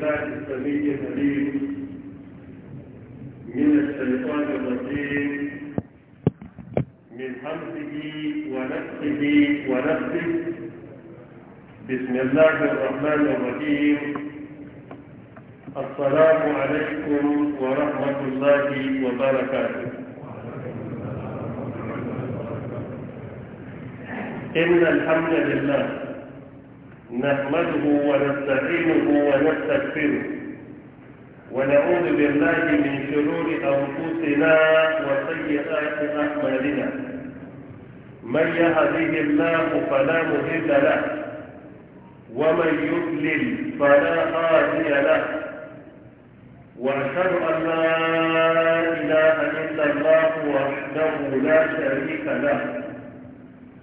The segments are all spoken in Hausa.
بالله السميع العليم من الشيطان الرجيم من حمده ونفسه ونفسه بسم الله الرحمن الرحيم السلام عليكم ورحمة الله وبركاته إن الحمد لله نحمده ونستعينه ونستغفره ونعوذ بالله من شرور أنفسنا وسيئات أعمالنا من يهده الله فلا مهد له ومن يضلل فلا هادي له وأشهد أن لا إله إلا الله وحده لا شريك له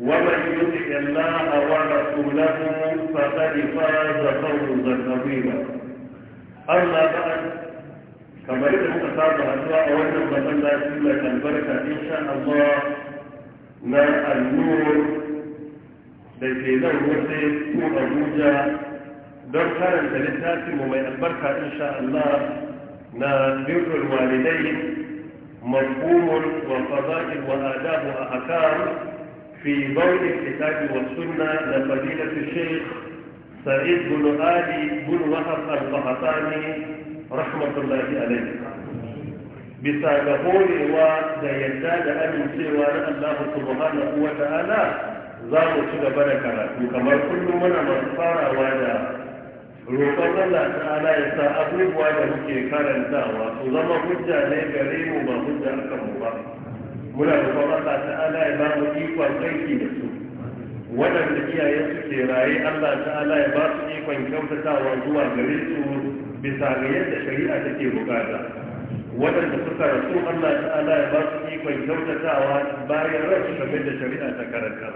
ومن يطع الله ورسوله فقد فاز فوزا عظيما اما بعد كما يدعو كتاب الاسواء اولا فمن لا سيما البركه ان شاء الله ما النور da ke nan wasu ko abuja don karanta littafinmu mai albarka insha Allah na birnin walidai mafhumul wa fada'il wa adabu a Aka. في ضوء الكتاب والسنة لفضيلة الشيخ سعيد بن آلي بن وهب القحطاني رحمة الله عليه bisa ga horewa da yadda da amincewa na Allah subhanahu wa ta'ala za mu ci gaba da karatu kamar kullum muna masu farawa da roƙon Allah ta'ala ya sa abubuwa da muke karantawa su zama hujja ne gare mu ba hujja aka mu muna ba Allah ala ya ba mu ikon aiki da su waɗanda iyayen su ke raye Allah ala ya ba su ikon kyautatawa zuwa gare su bisa ga yadda shari'a ta ke bukata waɗanda suka rasu Allah ala ya ba su ikon kyautatawa bayan rasu game da shari'a ta karanta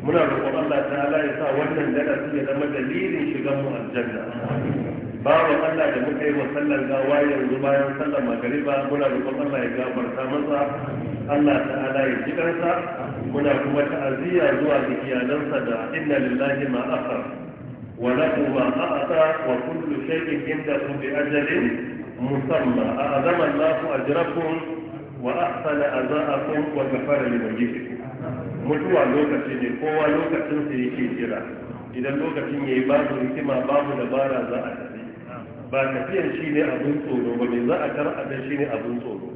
muna roƙon Allah ala ya sa wannan darasi ya zama dalilin shigan mu aljanna babu Allah da muka yi wa sallar gawa yanzu bayan sallar magariba muna roƙon Allah ya gafarta masa Allah ta'ala ya ji kansa muna kuma ta'aziyya zuwa ga iyalansa da inna lillahi ma akhar wa lahu ma a'ta wa kullu shay'in indahu bi ajalin musamma a'azama Allahu ajrakum wa ahsana azaakum wa kafara limayyitikum mutuwa lokaci ne kowa lokacin sa yake jira idan lokacin yayi babu hikima babu dabara za a yi. ba tafiyan shi ne abin tsoro ba ne za a kar abin shi ne abin tsoro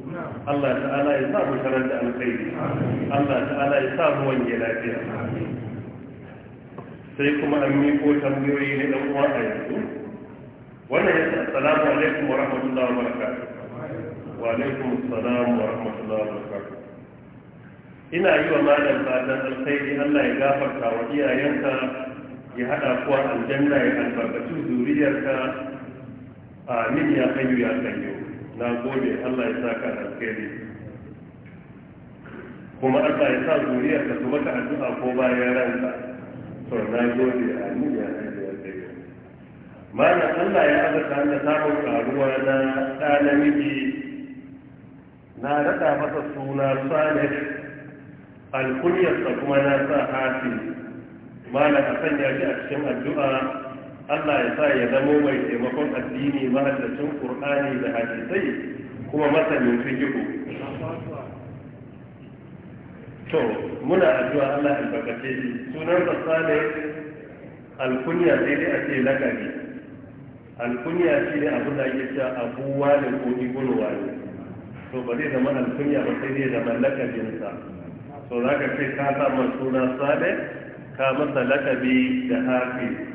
Allah ta'ala ya sa mu karar da alkhairi Allah ta'ala ya sa mu wange lafiya sai kuma an miko tambayoyi ne dan uwa a yanzu wannan ya ce assalamu alaikum wa rahmatullahi wa barakatuh wa alaikum assalam wa rahmatullahi wa barakatuh ina yi wa malam fatan alkhairi Allah ya gafarta wa iyayenka ya hada kuwa aljanna ya albarkaci zuriyarka amin ya hayyu ya sanyo na gode Allah ya sa ka alkhairi kuma Allah ya sa zuriya ka su maka addu'a ko bayan ranka to na gode amin ya hayyu ya sanyo mana Allah ya azurta hanyar samun karuwa na ɗa namiji na rada masa suna salih alkuniyarsa kuma na sa hafi mana a sanya shi a cikin addu'a Allah ya sa ya zamo mai taimakon addini cin Qur'ani da hadisai kuma masanin fiqh to muna addu'a Allah ya albarkace shi sunan sa ne alkunya sai dai a ce lakabi Al-kunya shi ne abu da yake cewa abuwa ne ko ibulwa wani. to ba zai zama al-kunya ba sai dai zama lakabin sa to zaka ce ka sa suna sale ka masa lakabi da hafi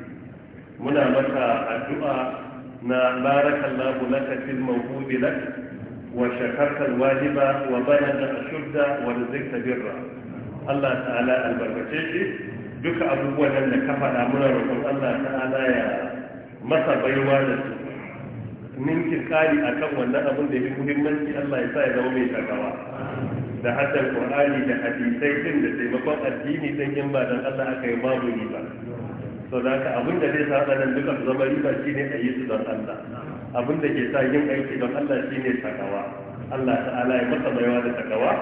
muna maka addu'a na barakallahu laka fil mawhubi lak wa shakarta wajiba wa balagha ashudda wa zai tabirra. Allah ta'ala albarkace shi duka abubuwan da ka faɗa muna roƙon Allah ta'ala ya masa baiwa da su ninki kari akan wannan abin da fi muhimmanci Allah ya sa ya zama mai shagawa da haddar Qur'ani da hadisai din da taimakon addini don yin ba dan Allah aka yi babu ni ba sau da ka abin da zai sa nan duka su zama riba shi ne a yi su don Allah abin da ke sa yin aiki don Allah shi ne takawa Allah ta'ala ya masa maiwa da takawa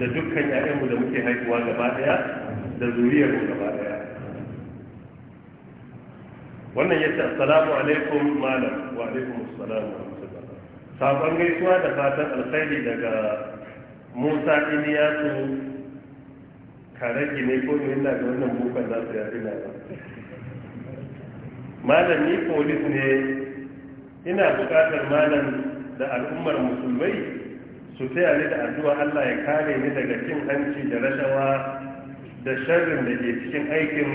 da dukkan 'ya'yanmu da muke haihuwa gaba ɗaya da zuriyarmu gaba ɗaya wannan ya ce assalamu alaikum malam wa alaikum assalamu sabon gaisuwa da fatan alkhairi daga musa iliyasu kare ne ko ina da wannan bukan za su yi na ba malam ni polis ne ina buƙatar malam da al'ummar musulmai su taya ni da addu'a Allah ya kare ni daga cin hanci da rashawa da sharrin da ke cikin aikin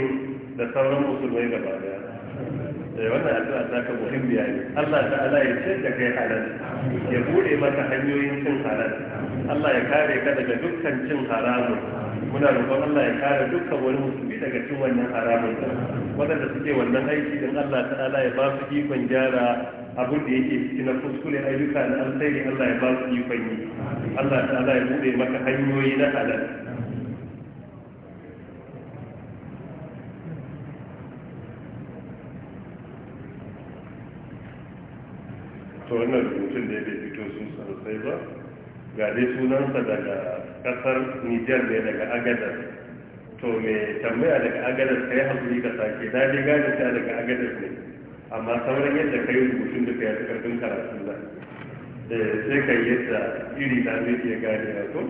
da sauran musulmai gaba daya da eh, wannan addu'a ta ka muhimmiya ne Allah ta'ala ya ce da kai halal ya bude maka hanyoyin cin halal Allah ya kare ka daga dukkan cin haramun muna roƙon Allah ya kare dukkan wani musulmi daga cin wannan haramun waɗanda suke wannan aiki don Allah ta'ala ya ba su ikon gyara abin da yake ciki na kuskure ayyuka na alkhairi Allah ya ba su ikon yi Allah ta'ala ya buɗe maka hanyoyi na halal to wannan rubutun da ya bai fito sun sosai ba ga dai sunansa daga kasar nijar ne daga agadar to mai tambaya daga agadar kai hakuri ka sake na dai gane ta daga agadar ne amma sauran yadda kai rubutun duka ya karfin karatu na eh, sai kai yadda iri na zai iya gane ya to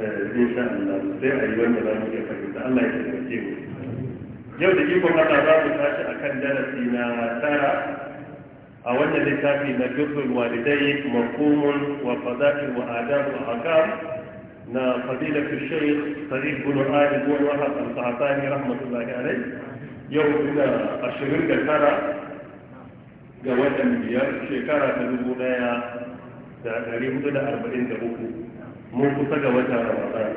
eh, insha Allah sai a yi wanda za mu iya fahimta Allah ya taimake mu yau da ikon Allah za mu tashi akan darasi na tara a wannan littafi na jirgin walidai makomun wa fadafi wa adabu a hakam na fadilatu shaikh sadiq bin ali bin wahab al-sahatani rahmatullahi alayh yau ina ashirin da tara ga watan biyar shekara ta dubu daya da dari hudu da arba'in da uku mun kusa ga wata ramadan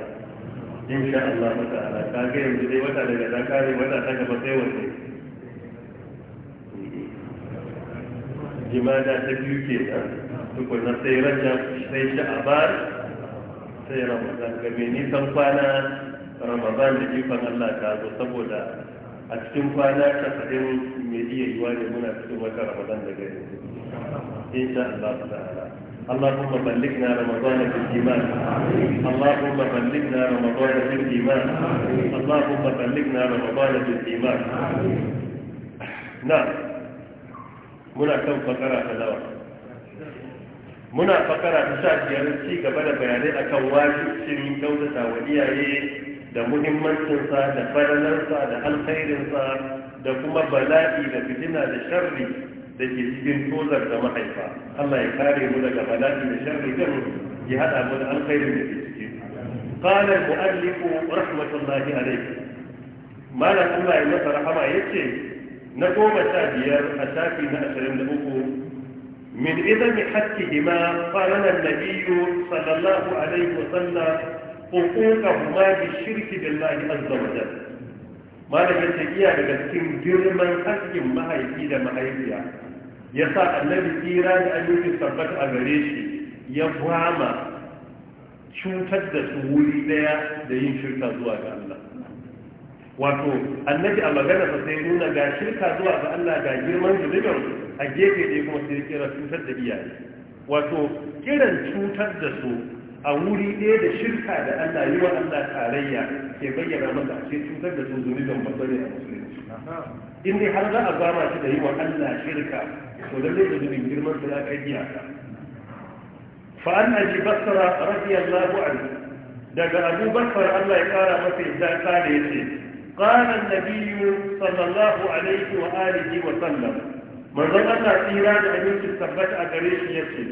insha Allah ta'ala ka ga yanzu dai wata daga zakari, kare wata ta gaba sai wanne jimada ta biyu ke nan tukuna sai rajab sai sha'aban sai ramadan ga mai nisan kwana ramadan da ikon allah ta zo saboda a cikin kwana casa'in mai iya yiwa ne muna cikin wata ramadan da gari insha allah ta'ala اللهم بلغنا رمضان بالإيمان اللهم بلغنا رمضان بالإيمان اللهم بلغنا رمضان بالإيمان نعم muna kan fakara ta nawa muna fakara ta sha biyar ci gaba da bayanai akan shirin kyautata wa iyaye da muhimmancinsa da falalarsa da alkhairinsa da kuma bala'i da fitina da sharri da ke cikin tozar da mahaifa Allah ya kare mu daga bala'i da sharri kan ya hada mu da alkhairin da ke ciki qala al-mu'allif rahmatullahi alayhi malam Allah ya masa rahama yace na goma sha biyar a shafi na ashirin da uku min izami hakkihima farana nabiyyu sallallahu alaihi wa sallam huquqahuma bi shirki billahi azza wa jalla Malamin ta iya daga cikin girman hakkin mahaifi da mahaifiya yasa annabi tsira da ayyukan sabbata a gare shi ya bama cutar da su wuri daya da yin shirka zuwa ga Allah wato annabi a magana sa sai nuna ga shirka zuwa ga Allah ga girman zunubin a gefe ɗaya kuma sai kira cutar da iyaye wato kiran cutar da su a wuri ɗaya da shirka da Allah yi wa Allah tarayya ke bayyana maka ce cutar da su zunubin babbare a musulunci in dai har za a zama shi da yi wa Allah shirka to lalle zunubin girman su na ka iyaka fa an aji basra radiyallahu anhu daga abubakar Allah ya kara masa yadda kare yace قال النبي صلى الله عليه وآله وسلم من ظن إيران أن يمكن ثبت أدريش يسير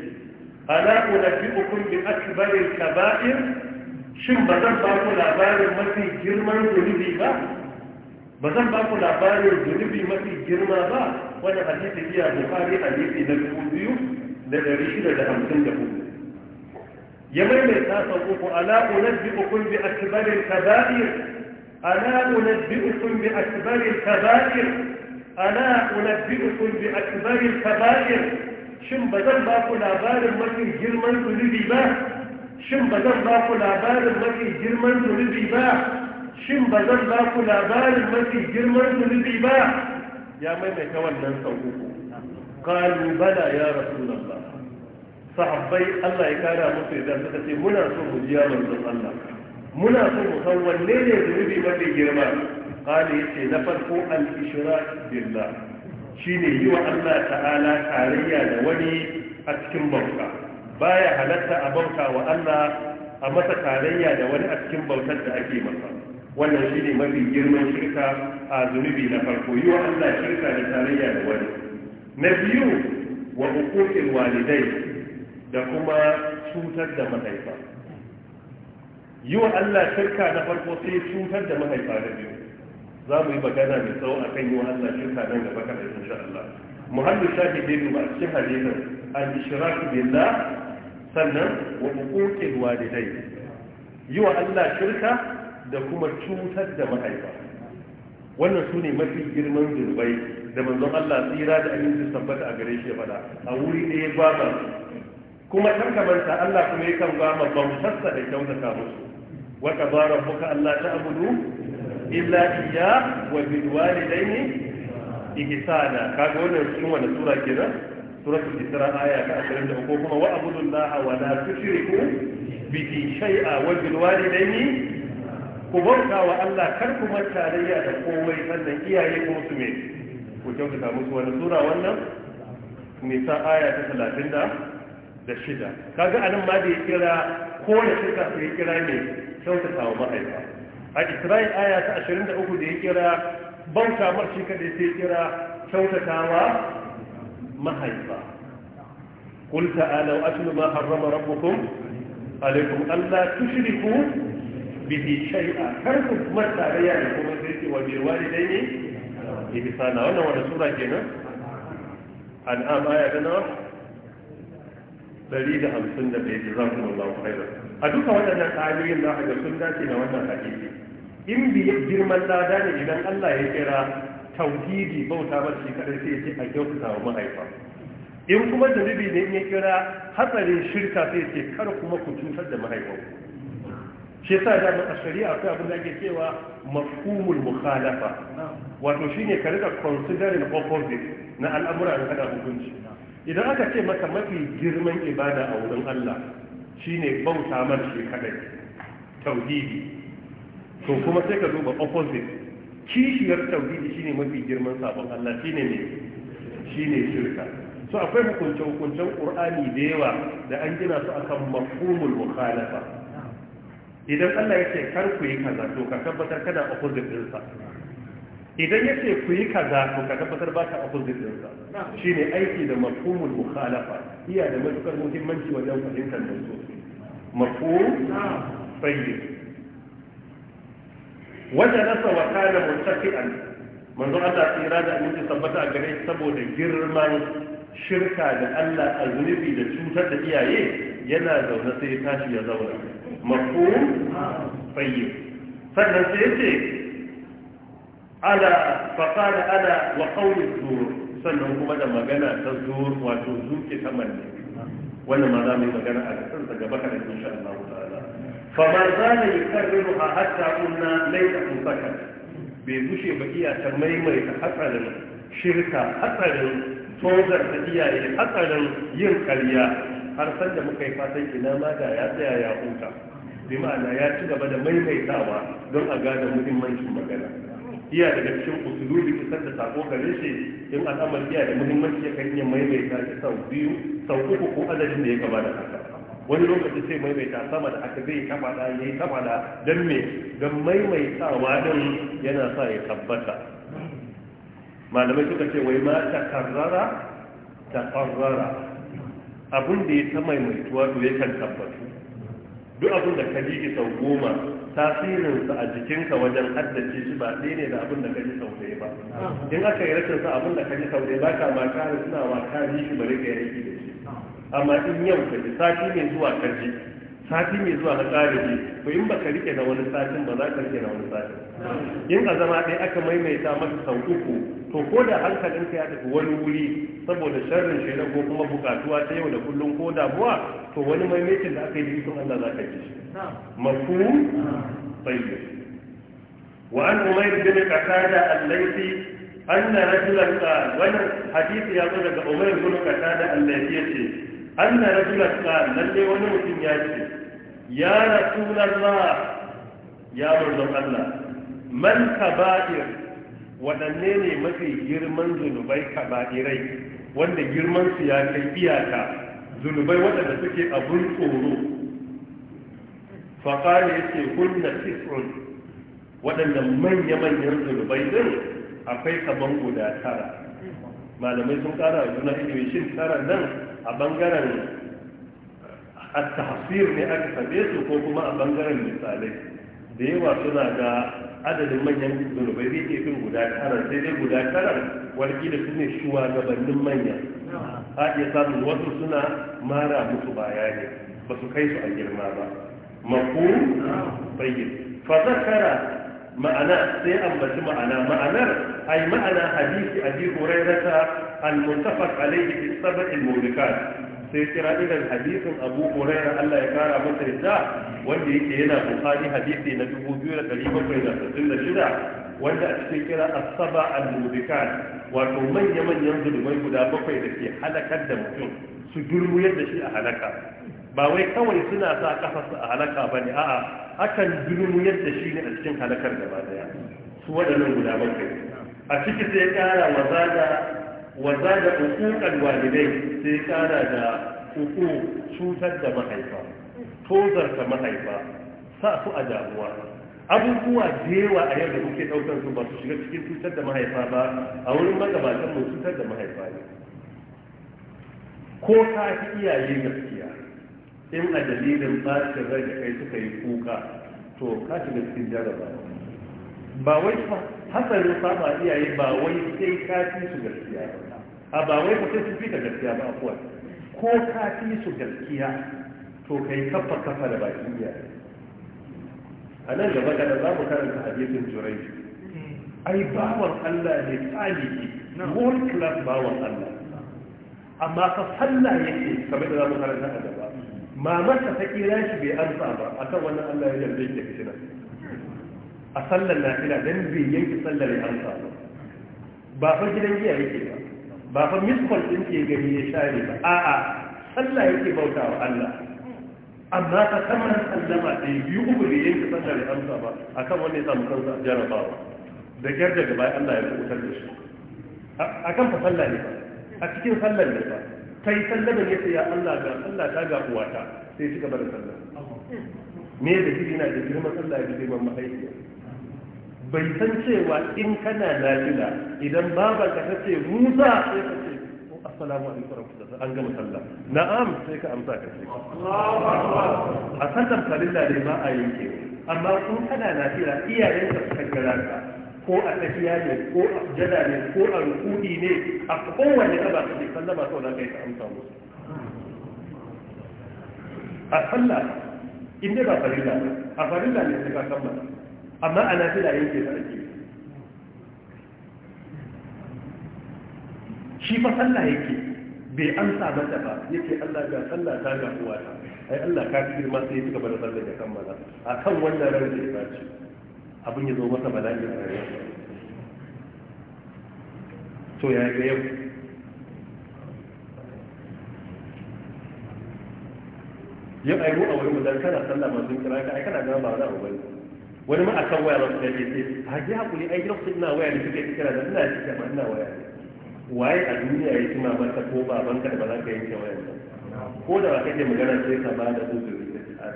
ألا أنبئكم بأكبر الكبائر shin ba zan ba ku labarin mafi girman zunubi ba zan ba ku labarin zunubi mafi girma ba wani hadisi iya bukari hadisi na dubu da dari shida da hamsin da hudu ya maimaita sau uku ala ukun bi akbarin kaba'ir ألا أنبئكم بأكبر الكبائر ألا أنبئكم بأكبر الكبائر شم بدل ما كنا بار المكي جرمان تلدي با شم بدل ما كنا بار المكي جرمان تلدي با شم بدل ما كنا بار المكي جرمان تلدي با يا من يتولى الصوف قالوا بلى يا رسول الله صحبي الله يكرمك اذا فتت منى صوف يا من الله muna so mu san wanne ne zunubi mafi girma kala yace na farko al-ishrak billah shine yi wa Allah ta'ala tarayya da wani a cikin bauta baya halatta a bauta wa Allah a masa tarayya da wani a cikin bautar da ake masa wannan shine mafi girman shirka a zunubi na farko yi wa Allah shirka da tarayya da wani na biyu wa uquqil walidai da kuma cutar da mahaifa yi wa Allah shirka na farko sai cutar da mahaifa da biyu za mu yi magana mai tsawo a kan yi wa Allah shirka nan gaba kada insha Allah muhammadu shafi bai ba a cikin hadisin al-ishrak billah sannan wa uquqil walidai yi wa Allah shirka da kuma cutar da mahaifa wannan su ne mafi girman zunubai da manzon Allah tsira da aminci tabbata a gare shi ya faɗa a wuri ɗaya ba kuma kan kamar Allah kuma yakan ba ma bamsarsa da kyautata musu wata bara buka Allah ta abudu illa iya wa bilwari daini ihsana kaga wannan cikin wani sura kenan suratul isra aya ta 23 ko kuma wa abudullaha wa la tushriku bihi shay'a wa bilwalidaini ku wa Allah kar ku da komai sannan iyaye ku musu me ku kyautata musu wani sura wannan nisa aya ta talatin da da shida kaga anan ma da ya kira kowane suka su yi kira ne kyauta mahaifa. a isra'il aya ta ashirin da uku da ya kira bauta kamar shi kadai sai kira kyauta sa ma'aika kun ta'ala wa ashiru alaikum allah tushriku bihi shay'a kar ku kuma tarayya da kuma sai ce wa bi walidai ne ibisa na wannan wani sura kenan an'am aya ta nawa da hamsin da ɗaya a duka waɗannan ayoyin za a ga sun dace da wannan hadisi in bi girman lada ne idan Allah ya kira tauhidi bauta ba shi kadai sai ya ce a kyautata wa mahaifa in kuma dalibi ne in ya kira hatsarin shirka sai ya kar kuma ku cutar da mahaifanku shi yasa da a shari'a akwai abin da ake cewa mafhumul mukhalafa wato shine ka rika considering opposite na al'amura da kada hukunci idan aka ce maka mafi girman ibada a wurin Allah shine bauta mar shi kadai tauhidi to kuma sai ka duba opposite kishiyar tauhidi shine mafi girman sabon Allah shine ne shine shirka so akwai hukunce hukuncen qur'ani da yawa da an gina su akan mafhumul mukhalafa idan Allah ya ce kar ku yi kaza to ka tabbatar kada opposite din sa idan ya ce ku yi kaza ko ka tabbatar ba ka opposite shi ne aiki da mafhumul mukhalafa iya da matukar muhimmanci wajen fahimtar da su mafhum sayyid wajen nasa wa kana mutafi'an manzo Allah tsira da abinci sabbata a gare saboda girman shirka da Allah a zunubi da cutar da iyaye yana zaune sai ya tashi ya zauna mafhum sayyid sannan sai ce ala faƙada Ala wa ƙaunin zuwa sannan kuma da magana ta zuwa wato zuke ta manne wannan ma za mu magana a kasar sa gaba kada insha Allah ta'ala fa ma za na yi karriru a hatta kunna laita kun bai gushe ba iyakar maimaita hatsarin shirka hatsarin tozar da iyaye hatsarin yin karya har sanda muka yi fatan ina ma da ya tsaya ya huta bi ma'ana ya ci gaba da maimaitawa don a gane muhimmancin magana iya daga cikin usulubi isar da sako gare shi in al'amar iya da muhimmanci ya kan iya maimaita ta sau biyu sau uku ko adadin da ya gaba da haka wani lokaci sai maimaita sama da aka zai kaba da yayi kaba da dan me dan wa din yana sa ya tabbata malamai suka ce wai ma ta karrara ta karrara abin da ya ta maimaituwa to yakan tabbatu duk abin da ka ji sau goma tasirinsa a jikinka wajen haddace shi ba ɗaya ne da abin da kaji saurayi ba in aka yi rashin sa abin da kaji saurayi ba ka maka da suna wa kaji shi bari ga yi da shi amma in yau ka ji sati ne zuwa kaji sati mai zuwa na tsari ne Ko in baka rike na wani satin ba za ka rike na wani satin in a zama ɗaya aka maimaita masa sau uku to ko da hankalinka ya tafi wani wuri saboda sharrin shi ko kuma bukatuwa ta yau da kullum ko damuwa to wani maimaitin da aka yi bikin Allah za ka ji shi mafhum tayyib wa an umayr bin qatada al-laythi anna rajulan ka wannan hadisi ya zo daga umayr bin qatada al ya ce anna rajulan ka lalle wani mutum ya ce ya rasulallah ya manzon Allah man kaba'ir waɗanne ne mafi girman zunubai kaba'irai wanda girman su ya kai iyaka zunubai waɗanda suke abun tsoro faƙari yake kunna tis'un Waɗanda manya-manyan zunubai din akwai kaban guda tara malamai sun ƙara juna ilimin shin tara nan a ɓangaren a tafsir ne aka same su ko kuma a bangaren misalai da yawa suna ga adadin manyan zunubai zai ke fin guda karar sai dai guda karar warki da su ne shugabannin manya a iya samun wasu suna mara musu baya ne ba su kai su a girma ba mako bayyin fazakara ma'ana sai ambaci ma'ana ma'anar ai ma'ana hadisi abi hurairata al-muttafaq alayhi fi sab'il mawdukat sai kira irin hadisin abu huraira allah ya kara masa yadda wanda yake yana bukari hadisi na dubu biyu da ɗari bakwai da sassin da shida wanda a cikin kira asaba al-mubikan wato manya-manyan zulmai guda bakwai da ke halakar da mutum su dulmuyar da shi a halaka ba wai kawai suna sa kafarsa a halaka ba ne a'a akan dulmuyar da shi ne a cikin halakar gaba daya su waɗannan guda bakwai a ciki sai ya kara wa zaga wa zada uquqal walidai sai kara da uku cutar da mahaifa ta mahaifa sa su a damuwa abubuwa da yawa a yadda kuke daukar su ba su shiga cikin cutar da mahaifa ba a wurin magabatan mu cutar da mahaifa ne ko ka fi iyaye gaskiya in a dalilin bacin rai da kai suka yi kuka to ka shiga cikin jarabawa ba wai hasarin fama iyaye ba wai sai ka fi su gaskiya ba a ba wai ka sai su fi ka gaskiya ba kuwa ko ka fi su gaskiya to kai kafa kafa da bakin iyaye a nan gaba kada za mu karanta hadisin jurai ai bawan Allah ne taliki world class bawan Allah amma ka falla yake kamar da zamu mu karanta a gaba mamarsa ta kira shi bai amsa ba akan wannan Allah ya yarda yake fitina a sallar lafiya dan bai yanke sallar ya amsa ba ba fa gidan giya yake ba ba fa miskon din ke gani ya share ba a'a sallah yake bauta wa Allah amma ta kamar sallama da biyu uku da yanke sallah da amsa ba akan wanda ya samu kansa a jarabawa da kyar daga bayan Allah ya kubutar da shi akan fa sallah ne ba a cikin sallar ne ba yi sallama ya ce ya Allah ga sallah ta ga uwata sai ci gaba da sallah me da kiri na da girman sallah da girman mahaifiya bai san cewa in kana lafiya idan baba ka tace musa sai ka ce oh, assalamu alaikum warahmatullahi an gama sallah na'am sai ka amsa ka ce a sallar farilla ne ba a yanke amma kun kana lafiya iyayen ka suka gara ka ko a tafiya ne ko a jada ne ko a rukudi ne a kowane ka ba ka ce sallama sau na kai ka amsa musu a sallah in ba farilla a farilla ne sai ka kammala amma a nafila yake da ke shi fa sallah yake bai amsa mata ba yake Allah ga sallah ta ga ta ai Allah ka girma sai ya gaba da sallah ya kammala akan wannan ran da ya ci abin ya zo masa bala'i a rayuwa to ya ga yau yau ai ruwa wani mutane kana sallah masu kira ka ai kana ga ba wani abu bane wani ma akan waya ba su da ce a ji hakuri ai gidan na waya da suke kira da suna cike ma ina waya waye a duniya ya ci mamarka ko ba babanka da ba za ka yanke waya ba ko da ba kake magana sai ka ba da su da a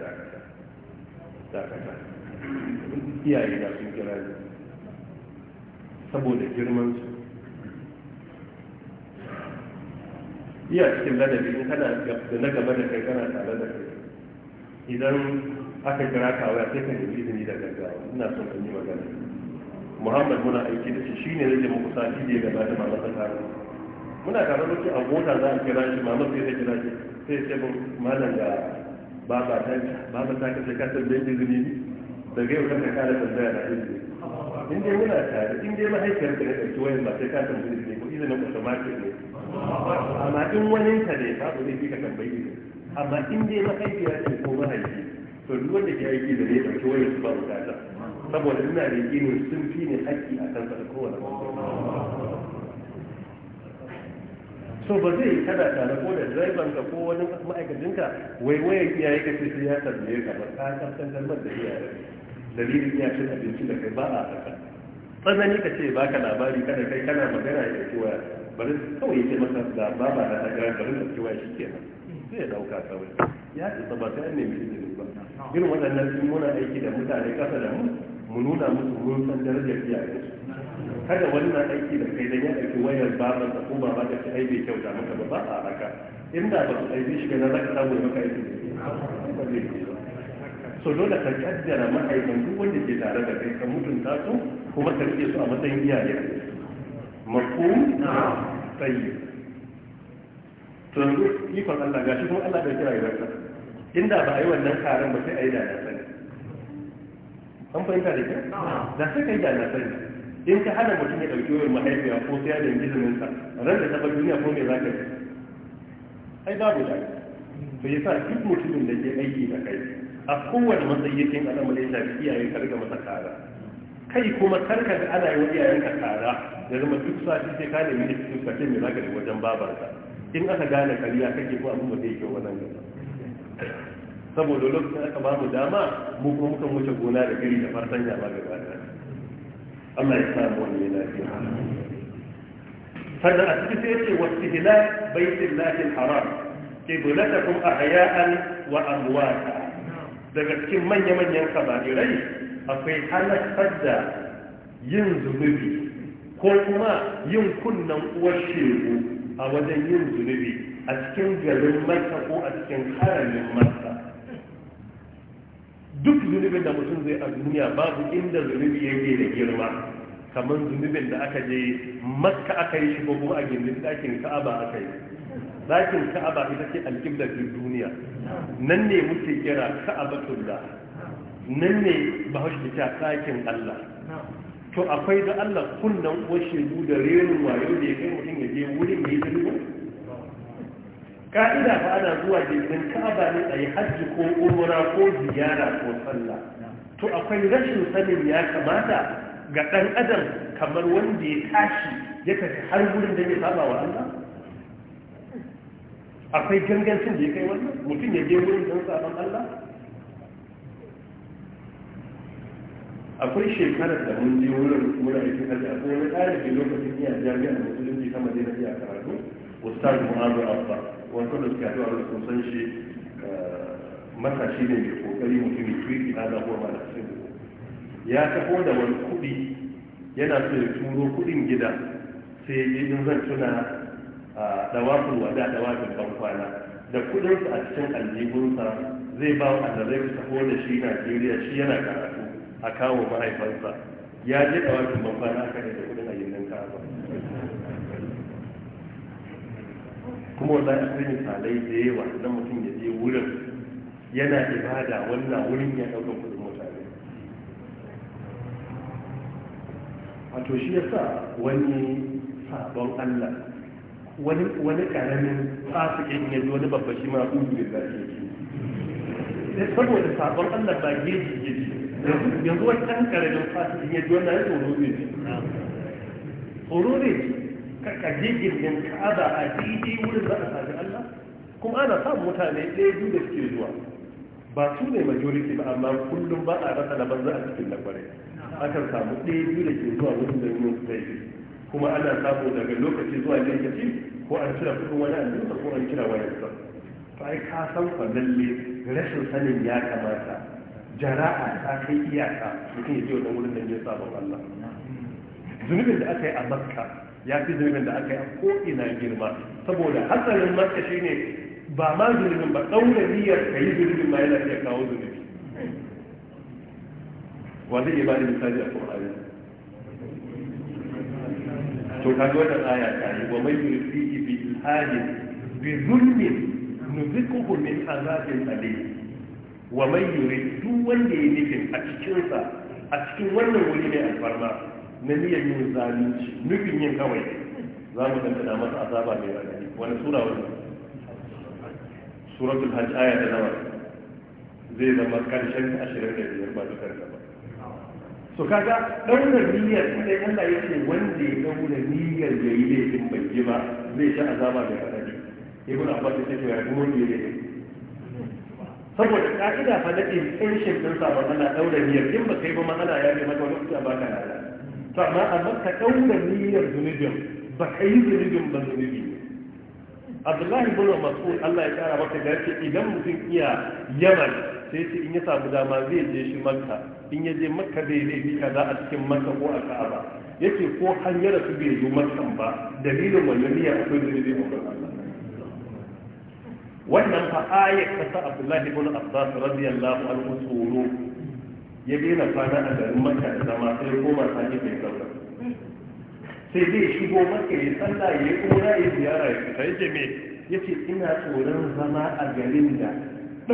dakata iyaye na sun kira ne saboda girman su iya cikin ladabi in kana da na gaba da kai kana tare da kai idan aka kira ka waya sai ka yi izini da gaggawa ina son kan yi magana muhammad muna aiki da shi shine zai mu kusa shi ne gabata ba masa karo muna tare da a mota za a kira shi mama sai ta kira shi sai sai mun malam da baba ta baba ta kace ka san dai izini da ga yau ka da zai na izini in dai muna tare in dai mahaifiyar da ne ɗauki wayan ba sai ka san izini ko izinin mace ne amma in wani ka ne babu zai fi ka tambayi izini amma in dai mahaifiyar ce ko mahaifi to duk wanda ke aiki da ne ɗauki wani su ba bukata saboda ina da yakinin sun fi ne haƙƙi a kansa da kowane so ba zai kada tare ko da direban ka ko wani ma'aikacin ka waiwayan iyaye ka ce sai ya tambaye ka ba ka san kalmar da iyaye dalilin iya cin abinci da kai ba a haka tsanani ka ce baka labari kada kai kana magana ya ɗauki waya bari kawai ya ce masa da ba ba da ta gara bari ɗauki waya shi kenan sai ya ɗauka kawai ya ce ba sai an nemi izini ba irin waɗannan sun muna aiki da mutane ƙasa da mu mu nuna musu mun san darajar iyayensu kada wannan aiki da kai dan ya ɗauki wayar baban ka ko baba ka ci aibe kyauta maka ba ba a haka inda ba su aibe shi ga na zaka samu maka aiki da so dole ka kaddara ma'aikan duk wanda ke tare da kai ka mutunta su kuma ka rike su a matsayin iyaye mafhum tayyib to yanzu ikon Allah gashi kuma Allah bai kira ya raka inda ba a yi wannan taron ba sai a yi da sani an fahimta da kyau da sai ka yi da sani in ka hana mutum ya ɗauki wayar mahaifiya ko sai da izinin sa ran da taɓa duniya ko me za ka yi ai babu da to ya sa duk mutumin da ke aiki da kai a kowane matsayin al'amari ya shafi iyayen karga masa kara. kai kuma karka da ana yi wa iyayen ka tara zama duk sati sai ka nemi da cikin sakin mai zaka da wajen babarka in aka gane kariya kake ko abin da ke wajen gaba saboda lokacin aka bamu dama mu kuma muka wuce gona da gari da farsan yaba gaba da Allah ya sa mu ne lafiya sannan a cikin sai yake wasu hila baitin lahil haram a ahya'an wa amuwata daga cikin manya-manyan kaba'irai akwai halakar da yin zunubi ko kuma yin kunnen uwar shegu a wajen yin zunubi a cikin garin makka ko a cikin haramin makka duk zunubin da mutum zai a duniya babu inda zunubi yake da girma kamar zunubin da aka je makka aka yi shi babu a gindin dakin ka'aba aka yi dakin ka'aba ita ce alƙiblar duniya nan ne muke kira ka'abatullah nan ne bahaushe ta dakin allah to akwai da allah kunnan uwar shegu da renin wayo da ya kai mutum ya je wurin ya yi ka'ida fa ana zuwa jirgin kaba ne a yi hajji ko umura ko ziyara ko sallah to akwai rashin sanin ya kamata ga ɗan adam kamar wanda ya tashi ya tafi har wurin da ya saba wa Allah akwai gangancin da ya kai wannan mutum ya je wurin don saban Allah akwai shekarar da mun je wurin muna yi hajji a kowane ɗalibi lokacin iya jami'ar musulunci ta madina iya karatu ustaz muhammadu abba wasu da suka yi wani sun san shi eh, matashi ne mai kokari mutumin tuki na zaɓuwa ma da sun ya taho da wani kuɗi yana so ya turo kuɗin gida sai ya zan tuna dawafin wada dawafin bankwana da su a cikin aljihunsa zai ba wa da zai taho da shi najeriya shi yana karatu a kawo mahaifansa ya je dawafin bankwana aka da kuɗin kuma wanda ya fi misalai da yawa na mutum ya je wurin yana ibada wannan wurin ya ɗaukar kudin mutane wato shi ya sa wani sabon allah wani ƙaramin fasikin ya zo wani babba shi ma ƙudu da zafi yake saboda sabon allah ba geji geji yanzu wani ɗan ƙaramin fasikin ya zo wani ya tsoro ne tsoro ne ka kaje ka'aba a daidai wurin za a sami Allah kuma ana samun mutane ɗaya biyu da suke zuwa ba su ne majority ba amma kullum ba a rasa na banza a cikin labarai akan samu ɗaya biyu da ke zuwa wurin da yin tsaye kuma ana samu daga lokaci zuwa lokaci ko an kira kudin wani annisa ko an kira wani sa to ai ka san fa rashin sanin ya kamata jara'a ta kai iyaka mutum ya je wani wurin da ya saba Allah zunubin da aka yi a Makka ya fi zurbin da aka yi a ko'ina girma saboda hatsarin maka shi ne ba ma zunubin ba ɗaura niyyar ka yi zunubin ma yana iya kawo zunubi wanda ba ni misali a ƙwararri to zo da tsaya ta yi wa mai yurfi bi ilhajin bi zulmin nuzikuhu min azabin alim wa mai yurfi duk wanda ya nufin a cikinsa a cikin wannan wuri ne alfarma na niyyar yin zalunci nufin yin kawai za mu ɗana masa azaba mai raɗaɗi. wani sura wani suratul hajj aya da nawa zai zama karshen ashirin da biyar ba dukkan ba so kaga ɗaunar niyyar kaɗai Allah ya ce wanda ya ɗaura niyyar ya yi laifin bai yi ba zai sha azaba mai radadi ibn abbas ya ce ya kuma wani ne. saboda ka'ida fa da ɗin ɗin shi ba ana ɗaura niyyar in ba kai ba ma'ana ya bi mata wani kuta ba ka lada ba ma amma ka ɗauka niyyar zunubin ba ka yi zunubin ba zunubi abdullahi bin mas'ud Allah ya kara maka dace idan mutum iya yaman sai ce in ya samu dama zai je shi makka in ya je maka zai bi kaza a cikin makka ko a ka'aba yace ko hanyar su bai zo makkan ba dalilin wannan niyyar akwai zunubi ba wannan fa ayat ta sa Abdullahi bin Abbas radiyallahu anhu tsoro ya daina kwana a garin mata da zama sai koma sake mai sauka sai zai shigo maka ya tsalla ya kora ya ziyara ya fita ya jami ya ce ina tsoron zama a garin da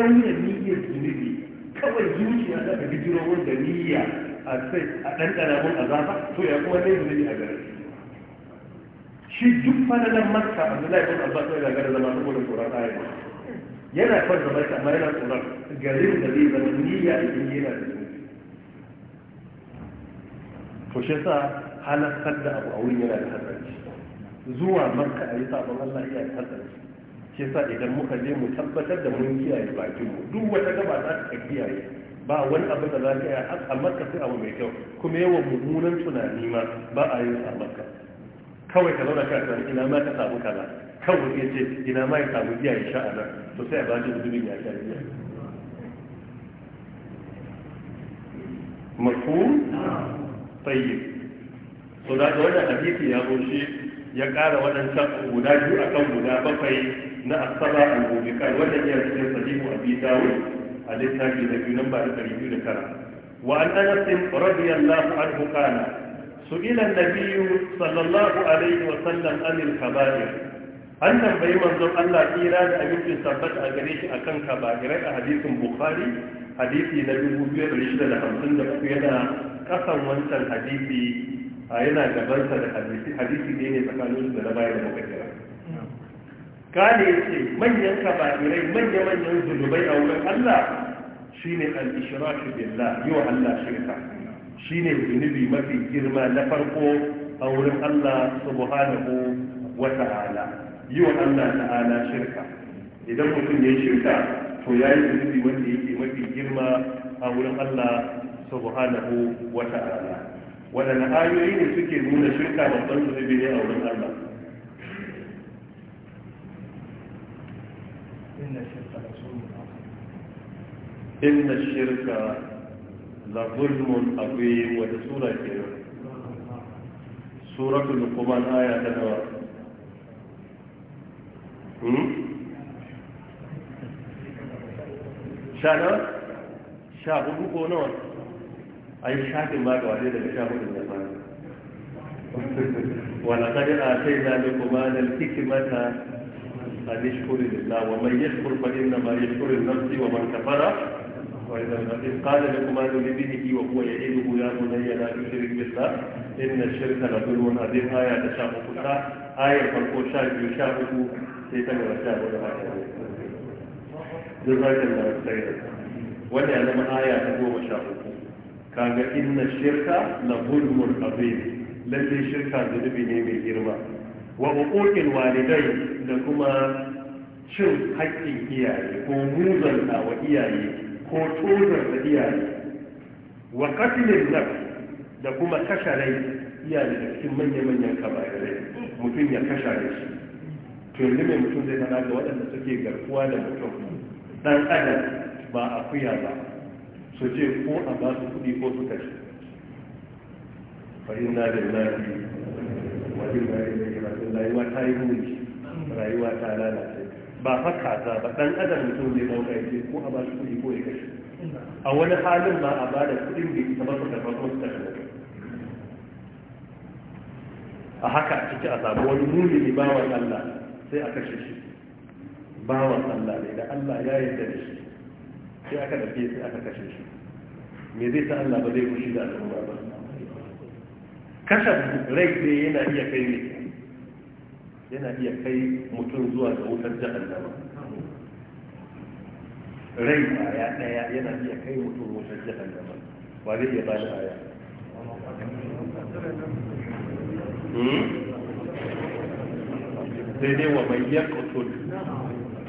yi niyyar zunubi kawai zuciya za ka bijiro wanda niyya a sai a ɗan ɗanamun a zafa to ya kuma dai zunubi a garin shi duk fananan zai laifin a zafa ya gara zama saboda tsoron ayyuka yana kwan zama amma yana tsoron garin da zai zama niyya cikin yana da to shi sa halartar da abu a wuri yana da hatsari zuwa makka a yi sabon allah iya da hatsari shi sa idan muka je mu tabbatar da mun kiyaye bakin mu duk wata gaba za ka kiyaye ba wani abu da za ka yi a makka sai abu mai kyau kuma yawan mummunan tunani ma ba a yi a makka kawai ka zauna ka tunani ina ma ka samu kaza kawai ka ce ina ma ya samu giya ya sha nan to sai a ba shi ya sha giya mafhum tayyib so da wannan hadisi ya zo ya ƙara waɗancan guda biyu akan guda bakwai na asaba al-bubikan wanda ya cikin sahihu abi dawud a littafi da biyu namba da ɗari biyu da tara wa an anas radiyallahu anhu kana سئل النبي Sallallahu Alaihi عليه وسلم عن الكبائر an tambayi manzon Allah tsira da abinci sabbata a gare shi akan kaba'irai a hadisin Bukhari hadisi na dubu da da da shida hamsin 2653 yana kasan wancan hadisi a yana gabansa da hadisi hadisi ne ne tsakanin da na baya da muka kira kane ce manyan kaba'irai manya-manyan zunubai a wurin Allah shine al-ishraku billah yau Allah shirka shine zunubi mafi girma na farko a wurin Allah subhanahu wa ta'ala yau Allah ta'ala shirka idan mutum ya shirka to yayi zunubi wanda yake mafi girma a wurin Allah subhanahu wa ta'ala waɗanne ayoyi ne suke nuna shirka babban zunubi ne a wurin Allah inna shirka la zulmun azim wa sura ke suratul luqman aya ta nawa hmm shana sha ko nawa ai shafin ma ga waje daga shafin da ba wala qad atayna luqman al-hikmata an yashkura lillah wa man yashkur fa inna ma yashkuru nafsi wa man kafara wa idza qala luqman li ibnihi wa huwa ya'iduhu ya bunayya la tushrik billah inna ash-shirka la dhulmun adhim aya ta shafu kuta aya farko sha biyu sha uku sai ta gaba sha hudu haka duk zakin da sai wannan ya zama aya ta goma sha uku kaga inna shirka la zulmun abin lalle shirka zunubi ne mai girma wa uquqil walidai da kuma cin haƙƙin iyaye ko muzanta wa iyaye ko da iyaye wa qatlin nafs da kuma kashe iyaye da cikin manya-manyan kabarai mutum ya kashe shi to mai mutum zai fara ga waɗanda suke garkuwa da mutum ɗan adam ba akuya ba su ce ko a ba su kuɗi ko su kashe fahim na da lafi wajen bayan da yana sun rayuwa ta yi muni rayuwa ta lalace ba haka za ba dan adam mutum zai dauka ya ce ko a ba su kuɗi ko ya kashe a wani halin ba a ba da kuɗin da ita ba su karɓa ko su kashe a haka a ciki a samu wani muni bawan Allah sai a kashe shi bawan Allah ne da Allah ya yarda da shi sai aka dafe sai aka kashe shi me zai sa Allah ba zai kushi da al'umma ba kashe rai ne yana iya kai ne yana iya kai mutum zuwa ga wutar jahannama rai ya daya yana iya kai mutum wutar jahannama ba zai iya bani aya hmm? sai dai wa mai yakutul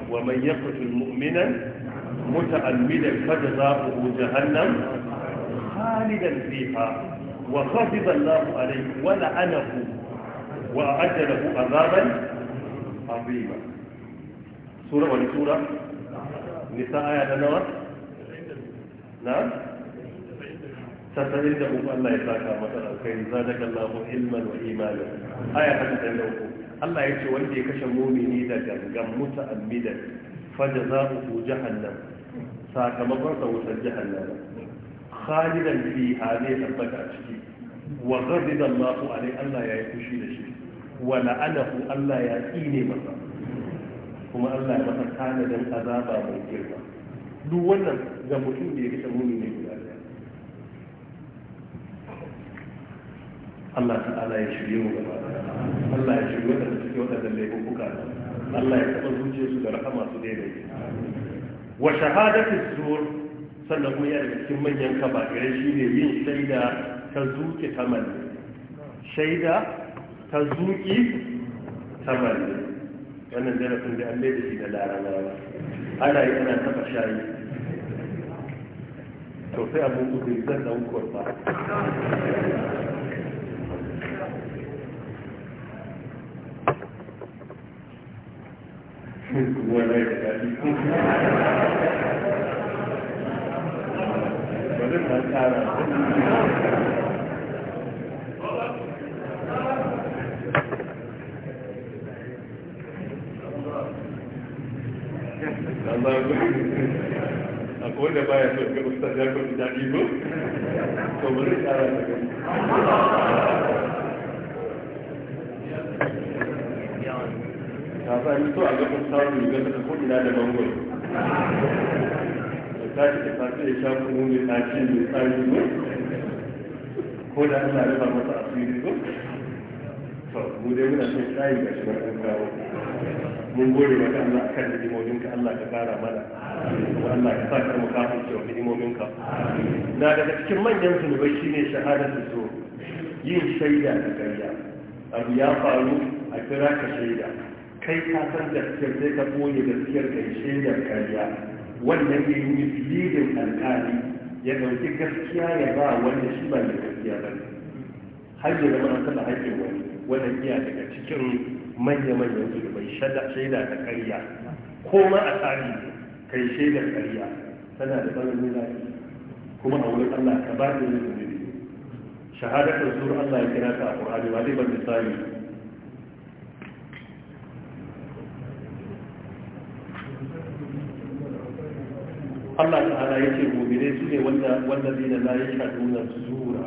wa mai yakutul mu'minan متعمدا فجزاؤه جهنم خالدا فيها وغضب الله عليه ولعنه وأعد له عذابا عظيما سورة ولسورة نساء آية نوى نعم تسأل دمك الله يساك مثلا كي زادك الله علما وإيمانا آية حدث لكم الله يجي وانت يكشف مؤمني دجا متأمدا فجزاؤه جهنم sakamakon sa wutar jahannama khalidan fi hadhihi tabaka a ciki wa ghadiba Allahu alai Allah ya yi fushi da shi wa la'anahu Allah ya tsine masa kuma Allah ya masa tanadin azaba mai girma duk wannan ga mutum da ya kashe ne guda daya Allah ta'ala ya shirye mu gaba Allah ya shirye wadanda suke wadanda laifuka Allah ya taɓa zuciyarsu da rahama su daidai wa shahadatu zur sannan kuma yana da cikin manyan kaba'irai shine yin shaida ta zuke ta manne shaida ta zuki ta manne wannan darasin da an da shi da larabawa ana yi ana taba shayi to sai abin kuɗi zan ɗan kurba wala ya ba akwai ga ustaz ya to da masu an to a ga kun samu riga ta ko ina da bangon da ta ce da ce ya sha kuma mai tashi mai tsari ne ko da Allah ya ba masa asiri ko to mu dai muna son shayin ga shi an kawo mun gode maka Allah akan ni'imomin ka Allah ka fara mana kuma Allah ka sa kar mu kafin cewa ni'imomin ka na daga cikin manyan zunubai shine shahadatu zo yin shaida da ƙarya abu ya faru a kira ka shaida kai ka san gaskiyar sai ka boye gaskiyar kai shaidar karya wannan ya yi misilin alƙali ya ɗauki gaskiya ya ba wanda shi ba da gaskiya ba ne har yi zama na taɓa haƙƙin wani wannan iya daga cikin manya-manyan zulubai shaida ta kariya ko ma a tsari kai shaidar kariya tana da tsananin zafi kuma a wurin Allah ka ba da yin zunubi shahadatar zuwa Allah ya kira ta a Qur'ani ba zai ban misali Allah ta'ala yake mu'mine su ne wanda wanda zai da layi shaduna zura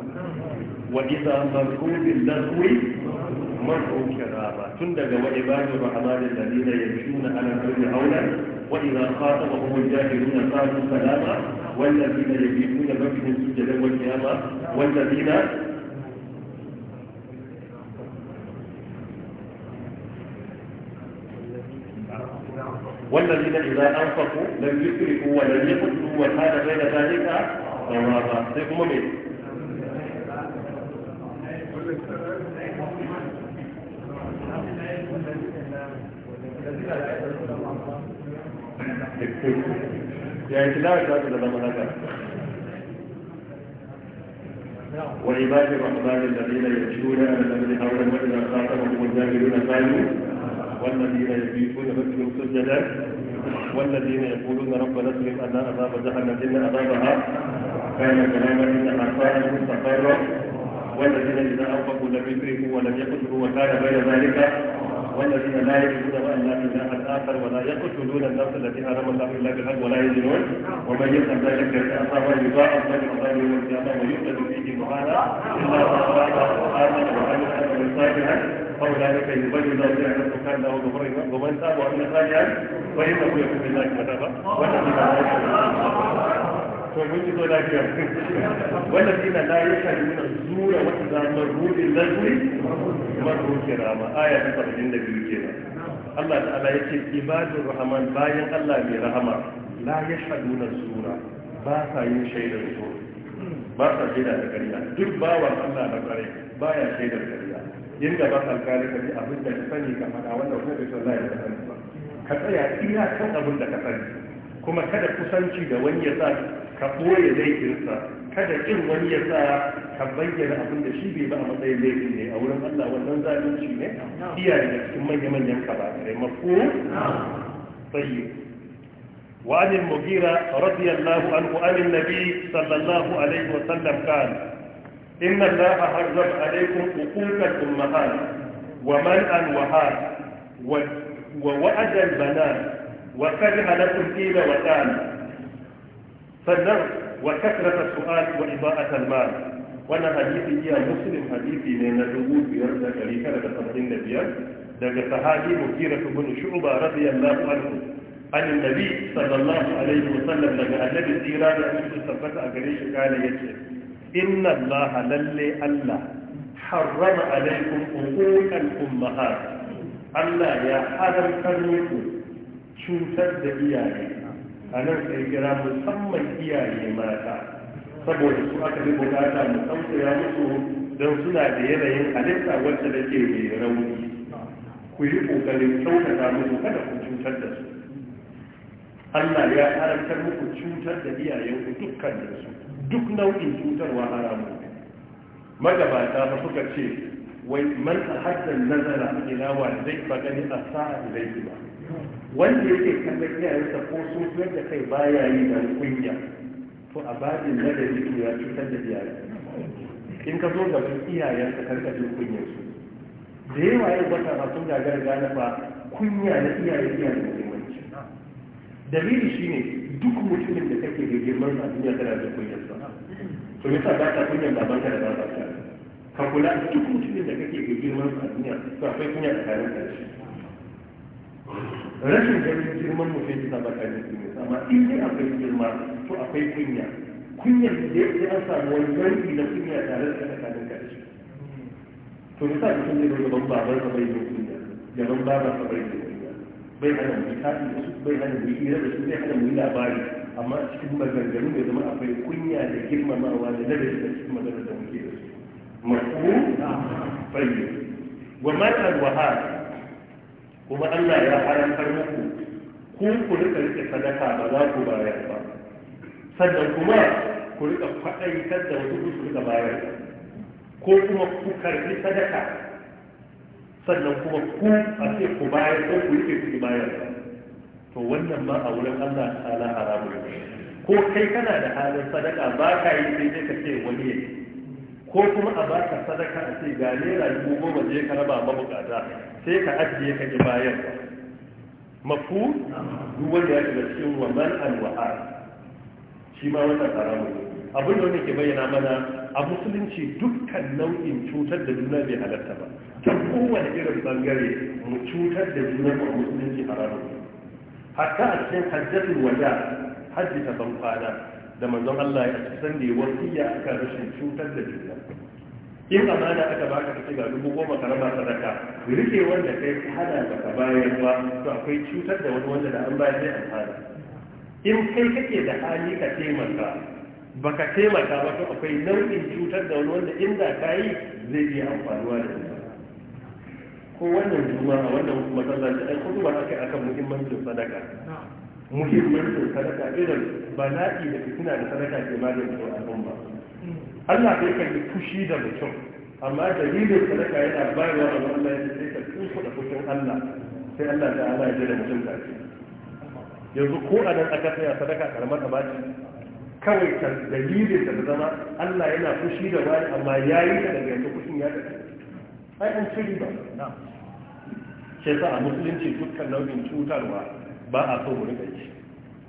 wa idza marqu bil lahwi marqu kiraba tun daga wa ibadu rahman alladhina yamshuna ala kulli hawla wa idza khatabahum al-jahiluna qalu salama والذين يبيتون ربهم سجدا وقياما والذين والذين إذا أنفقوا لم يشركوا ولم يقتلوا والحال بين ذلك صوابا سيكم من يعني تلاوة هذا لما هذا وعباد الرحمن الذين يمشون على الأرض حولا وإذا خاطبهم الجاهلون قالوا والذين يبيتون ربهم سجدا والذين يقولون ربنا اسلم ان اباب جهنم ان ابابها كان كلاما انها كان مستقرا والذين اذا اوقفوا لم يدركوا ولم يقتلوا وكان بين ذلك والذين لا يجدون ان لا اله اخر ولا يقتلون النفس التي حرم الله الا بالحق ولا يزنون ومن يفعل ذلك فاصاب يضاعف من عذاب يوم القيامه ويؤتى به مهانا الا صاحبها امن وعمل من صالحا أو ذلك يبين الله فعلا وكان له ظهر ومن وأن ثانيا فإنه يكون لله كتابا ويجد لا والذين لا يشهدون الزور وإذا مروا باللغو مروا كراما آية النبي كده الله تعالى يقول عباد الرحمن باين الله من رحمة لا يشهدون الزور باسا يشهد الزور باسا شهد الكريم دك باور الله بكري بايا شهد الكريم yadda ba sa kare ka abin da ka sani ka faɗa wanda kuma bai san zai sani ba ka tsaya ina kan abin da ka sani kuma kada kusanci da wani ya sa ka ɓoye laifinsa kada ƙin wani ya sa ka bayyana abin da shi bai ba a matsayin laifin ne a wurin Allah wannan zalunci ne iyaye da cikin manya-manyan ka ba kare mafu tsayi وعن المغيرة رضي الله عنه عن النبي صلى الله عليه وسلم قال إن الله حرم عليكم حقوق الأمهات ومنعا وهان ووأد البنان وكره لكم قيل وتان فالنغ وكثرة السؤال وإضاءة المال وانا حديثي يا مسلم حديثي لنا الرؤوس بيرد كريكة لك صدقين نبيا لك صحابي مكيرة بن شعبة رضي الله عنه عن النبي صلى الله عليه وسلم لك أجل الزيران أجل ثبت أقريش قال يجب inna allaha lalle allah harrama alaikum uquqal ummahat allah ya hadarkar muku cutar da iyaye a nan sai kira musamman iyaye mata saboda su aka bi bukata mu tausaya musu don suna da yanayin halitta wacce da ke mai rauni ku yi ƙoƙarin kyautata musu kada ku cutar da su Allah ya haramtar muku cutar da iyayenku dukkan da su duk nau'in cutarwa haramun magabata ba suka ce wai man tahadda nazara ila walidai ba gani asaa yi ba wanda yake kallon iyayensa ko sun fiyar da kai baya yi da kunya to a bajin ladabi to ya cutar da iyayen in ka zo gaban iyayensa karka jin kunyar su da yawa yau wata ba sun gagara gane ba kunya na iyaye iyaye da muhimmanci dalili shine duk mutumin da kake da girman sa duniya tana da kunyar sa to yasa ba ka kunyar baban ka da baban ka ka kula duk mutumin da kake da girman sa duniya to akwai kunya da kare ka shi rashin ganin girman mutum yasa ba ka da kunya amma in dai akwai girma to akwai kunya kunyar da yake an samu wani yanki na kunya tare da tsakanin ka shi to yasa mutum zai gaban baban sa bai da kunya gaban baban sa bai da kunya bai hana mu tafi da su bai hana mu yi hira da su bai hana mu yi labari amma cikin maganganu mai zama akwai kunya da girmamawa da ladabi da cikin maganar da muke da su mafu fayyo wa matal wahal kuma Allah ya haramtar muku ku ku rika rike sadaka ba za ku bayar ba sannan kuma ku rika faɗaitar da wasu su rika bayar ko kuma ku karɓi sadaka sannan kuma ku a ce ku bayar ko ku yi kai bayar to wannan ma a wurin Allah ta'ala haramu ko kai kana da halin sadaka ba ka yi sai ka ce wani ko kuma a baka sadaka a ce ga naira dubu goma je ka raba bukata sai ka ajiye ka ki bayar mafu duk wanda ya shiga cikin wannan alwa'a shi ma wannan haramu abin da wannan ke bayyana mana a musulunci dukkan nau'in cutar da juna bai halatta ba ta kowane irin bangare mu cutar da juna ba musulunci a haramun hatta a cikin hajjatul wada hajji ta ban kwana da manzon Allah ya san sande wasiya akan rashin cutar da juna in amana aka baka kace ga dubu goma karama sadaka rike wanda kai hada da ka bayar ba to akwai cutar da wani wanda da an bayar zai amfana in kai kake da hali ka taimaka Ba ka taimaka ba to akwai nau'in cutar da wani wanda inda ka yi zai iya amfanuwa da ita ko wannan juma a wannan masallaci da kudu ba aka aka muhimmancin sadaka muhimmancin sadaka irin ba bala'i da fitina da sadaka ke magance wa al'umma Allah bai kan yi fushi da mutum amma dalilin sadaka yana bayarwa a Allah ya sai ka tsufa da fushin Allah sai Allah ala ya jira mutum ta ce yanzu ko a nan aka tsaya sadaka karamar abaci kawai ta dalilin da zama Allah yana fushi da waya amma ya yi ta daga yanzu kushin ya tafi ai an ci ba shi sa a musulunci dukkan nau'in cutarwa ba a so mu rika shi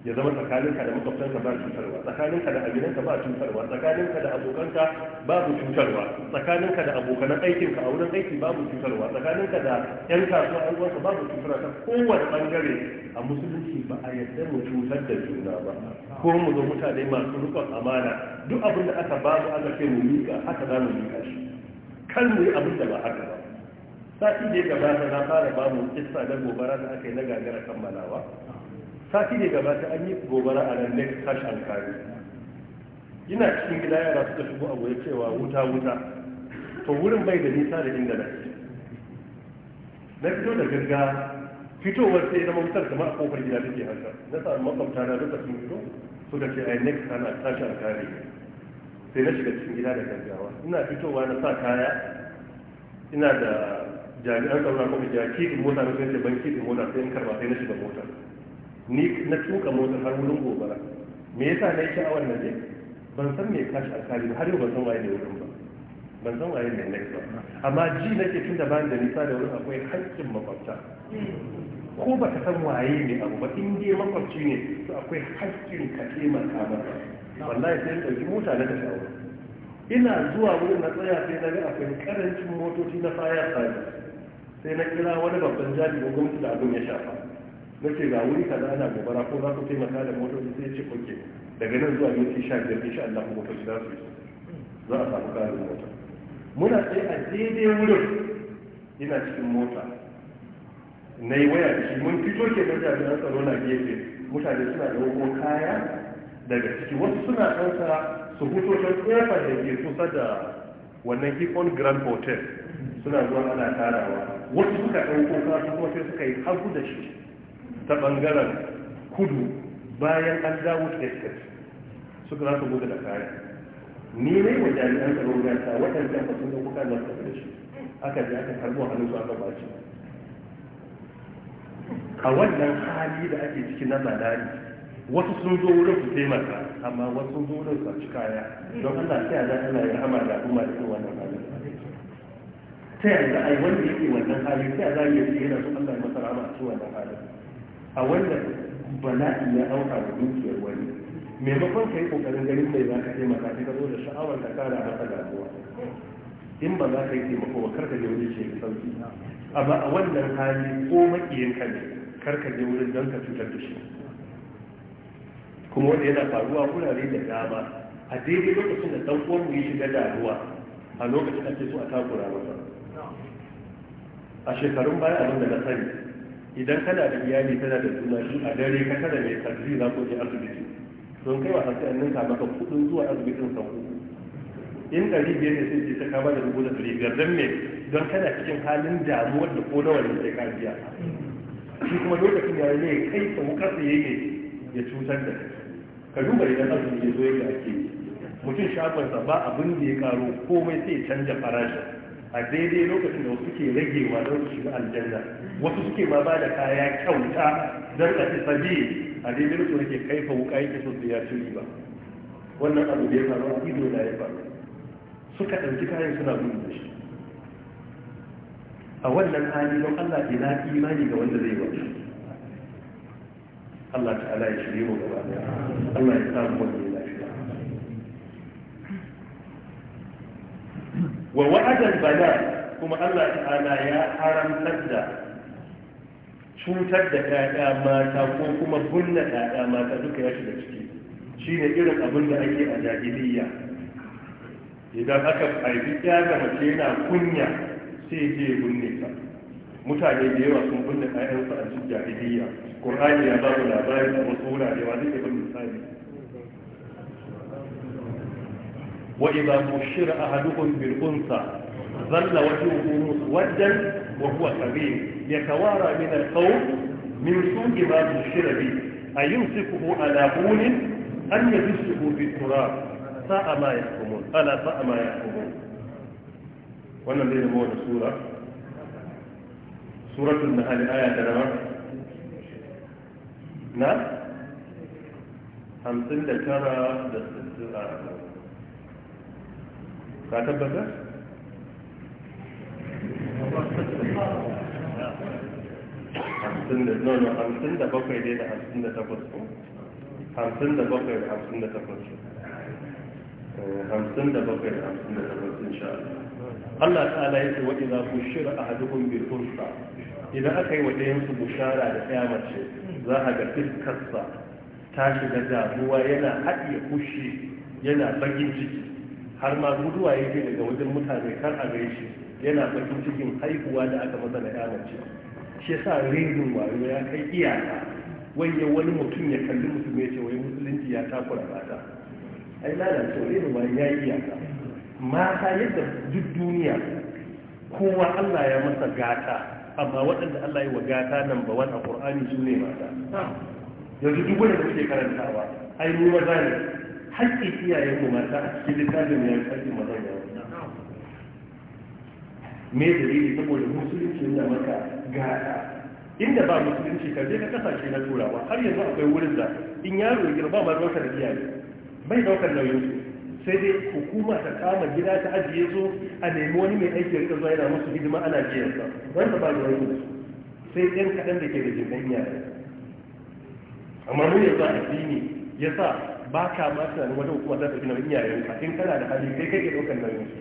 ya zama tsakaninka da makwabtanka ba cutarwa tsakaninka da aminanka ba cutarwa tsakaninka da abokanka babu cutarwa tsakaninka da abokanan aikinka a wurin aiki babu cutarwa tsakaninka da yan kasuwa an gwasa babu cutarwa ta kowane bangare a musulunci ba a yarda mu cutar da juna ba ko mu zo mutane masu rukun amana duk abin da aka babu aka ce mu miƙa haka za mu miƙa shi kan mu yi abin da ba haka ba sa'i da ya gabata na fara babu kissa da gobara da aka yi na gagara kammalawa sati da gabata an yi gobara a nan lake sash alkari ina cikin gida yara suka shigo a ya cewa wuta wuta to wurin bai da nisa da inda na na fito da gagga fitowar sai zama wutar kamar a kofar gida take haka na samu makwabta na sun fito da ce a next time a tashi alkari sai na shiga cikin gida da gaggawa ina fitowa na sa kaya ina da jami'an tsaro kuma jaki in mota na kai ban ki in mota sai in karba sai na shiga mota. ni na tuka mota har wurin gobara me yasa na yi sha'awar na je ban san me shi alkali ba har yau ban san waye ne wurin ba ban san waye ne next ba amma ji nake tun da bani da nisa da wurin akwai haƙƙin makwabta ko ba ka san waye ne abu ba in dai makwabci ne to akwai haƙƙin ka taimaka masa wallahi sai ɗauki mota na tafi aure ina zuwa wurin na tsaya sai na ga akwai karancin motoci na fire service sai na kira wani babban jami'in gwamnati da abin ya shafa nake ga wuri kaza ana gobara ko za ku taimaka da motoci sai ce oke daga nan zuwa minti sha biyar sha Allah motoci za su yi za a samu karin mota muna sai a daidai wurin ina cikin mota na yi waya da shi mun fito ke da jami'an tsaro na gefe mutane suna da ɗauko kaya daga ciki wasu suna ɗauka su fito can kofar da ke kusa da wannan hipon grand hotel suna zuwa ana tarawa wasu suka ɗauko kasu kuma sai suka yi hagu da shi ta bangaren kudu bayan an dawo texas suka za su gudu da kaya ni ne wa jami'an tsaron gasa waɗanda aka sun dauko kan tafi da shi aka ji aka karbo hannun su aka baci a wannan hali da ake ciki na Madari, wasu sun zo wurin su taimaka amma wasu sun zo wurin su ci kaya don Allah sai a zai Allah ya rahama da kuma da wannan hali ta yaya ai wanda yake wannan hali sai a zai yi yana so Allah ya masa rahama a cikin wannan hali a wanda bala'i ya auka da dukiyar wani maimakon ka yi kokarin ganin mai za ka taimaka sai ka zo da sha'awar ka kara masa damuwa in ba za ka yi taimako ba karka je wurin ce sauki amma a wannan hali ko makiyin ka ne karka je wurin don ka cutar da shi kuma wanda yana faruwa wurare da dama a daidai lokacin da dan uwan mu ya shiga damuwa a lokacin ake so a takura masa a shekarun baya abin da na sani idan kana da iyali tana da juna shi a dare ka kada mai karfi za ku je asibiti don kai wa hasi annin ka maka kudin zuwa asibitin sau uku in ɗari biyar ne sai ta kama da rubuta ɗari biyar don don kana cikin halin damuwa da ko nawa wani sai ka biya shi kuma lokacin ya ne kai ta wuka tsaye ne ya cutar da ka duba idan asibiti ya zo yadda ake mutum shagonsa ba abin da ya karo komai sai canja farashin a daidai lokacin da wasu ke ragewa don su shiga aljanna wasu suke ma ba da kaya kyauta don a fi a daidai lokacin da ke kaifa wuka yake so su ya ci ba wannan abu da ya faru a ido da ya faru suka ɗauki kayan suna gudu da shi a wannan hali don Allah ke ina imani ga wanda zai wata Allah ta'ala ya shirye mu gaba Allah ya samu wanda wa wa'adan bala kuma Allah ta'ala ya haramtar da cutar da ƴaƴa mata ko kuma bunna ƴaƴa mata duka ya shiga ciki shine irin abin da ake a jahiliyya idan aka haifi ya ga mace yana kunya sai je bunne ta mutane da yawa sun bunne ƴaƴansu a cikin jahiliyya qur'ani ya ba mu labarin da wasu wurare wa zai ba Waɗibanmu shirin a haduhun birkunsa, zalla waje hukumar wajen guhuwa ƙari, ya kawara ni na kau min su ɗibanmu shirin a yin tukuku a labunin hanyar duk su buɗe turawa, sa'a mayu kuma. Wannan zai tafi wani sura, suratun da hali ayaba da na hamsin da tara ka tabbata hamsin da nono hamsin da bakwai dai da hamsin da takwas ko hamsin da bakwai da hamsin da takwas eh, hamsin da bakwai da hamsin da takwas insha Allah Allah ta'ala ya ce wa ku bushira a bil unsa idan aka yi wa ɗayan su bushara da ɗaya mace, za a ga fiskarsa ta shiga damuwa yana haɗiye kushe yana bakin ciki har ma guduwa yake daga wajen mutane kar a gaishe yana bakin cikin haihuwa da aka masa na yamace shi sa rinjin wayo ya kai iyaka wanda wani mutum ya kalli mutum ya ce wai musulunci ya takura mata ai lalacewa rinjin wayo ya yi iyaka mata yadda duk duniya kowa Allah ya masa gata amma waɗanda Allah ya wa gata nan ba wani a ƙur'ani su ne mata yanzu duk wanda muke karantawa ai mu maza ne haƙƙi iyayen mu mata a cikin littafin ya yi haƙƙin mazan yawa me dalili saboda musulunci yana maka gada inda ba musulunci ka je ka kasashe na turawa har yanzu akwai wurin da in yaro ya girma ba ruwanka da iyaye bai daukar nauyin su sai dai hukuma ta kama gida ta ajiye zo a nemi wani mai aiki rika zuwa yana musu hidima ana biyarsa wanda ba da wani sai ɗan kaɗan da ke da jirgin yare amma mun yanzu addini ya sa ba ka ma tunanin wata hukuma za ta fi nauyin ka in kana da hali kai kai ke ɗaukar nauyin su.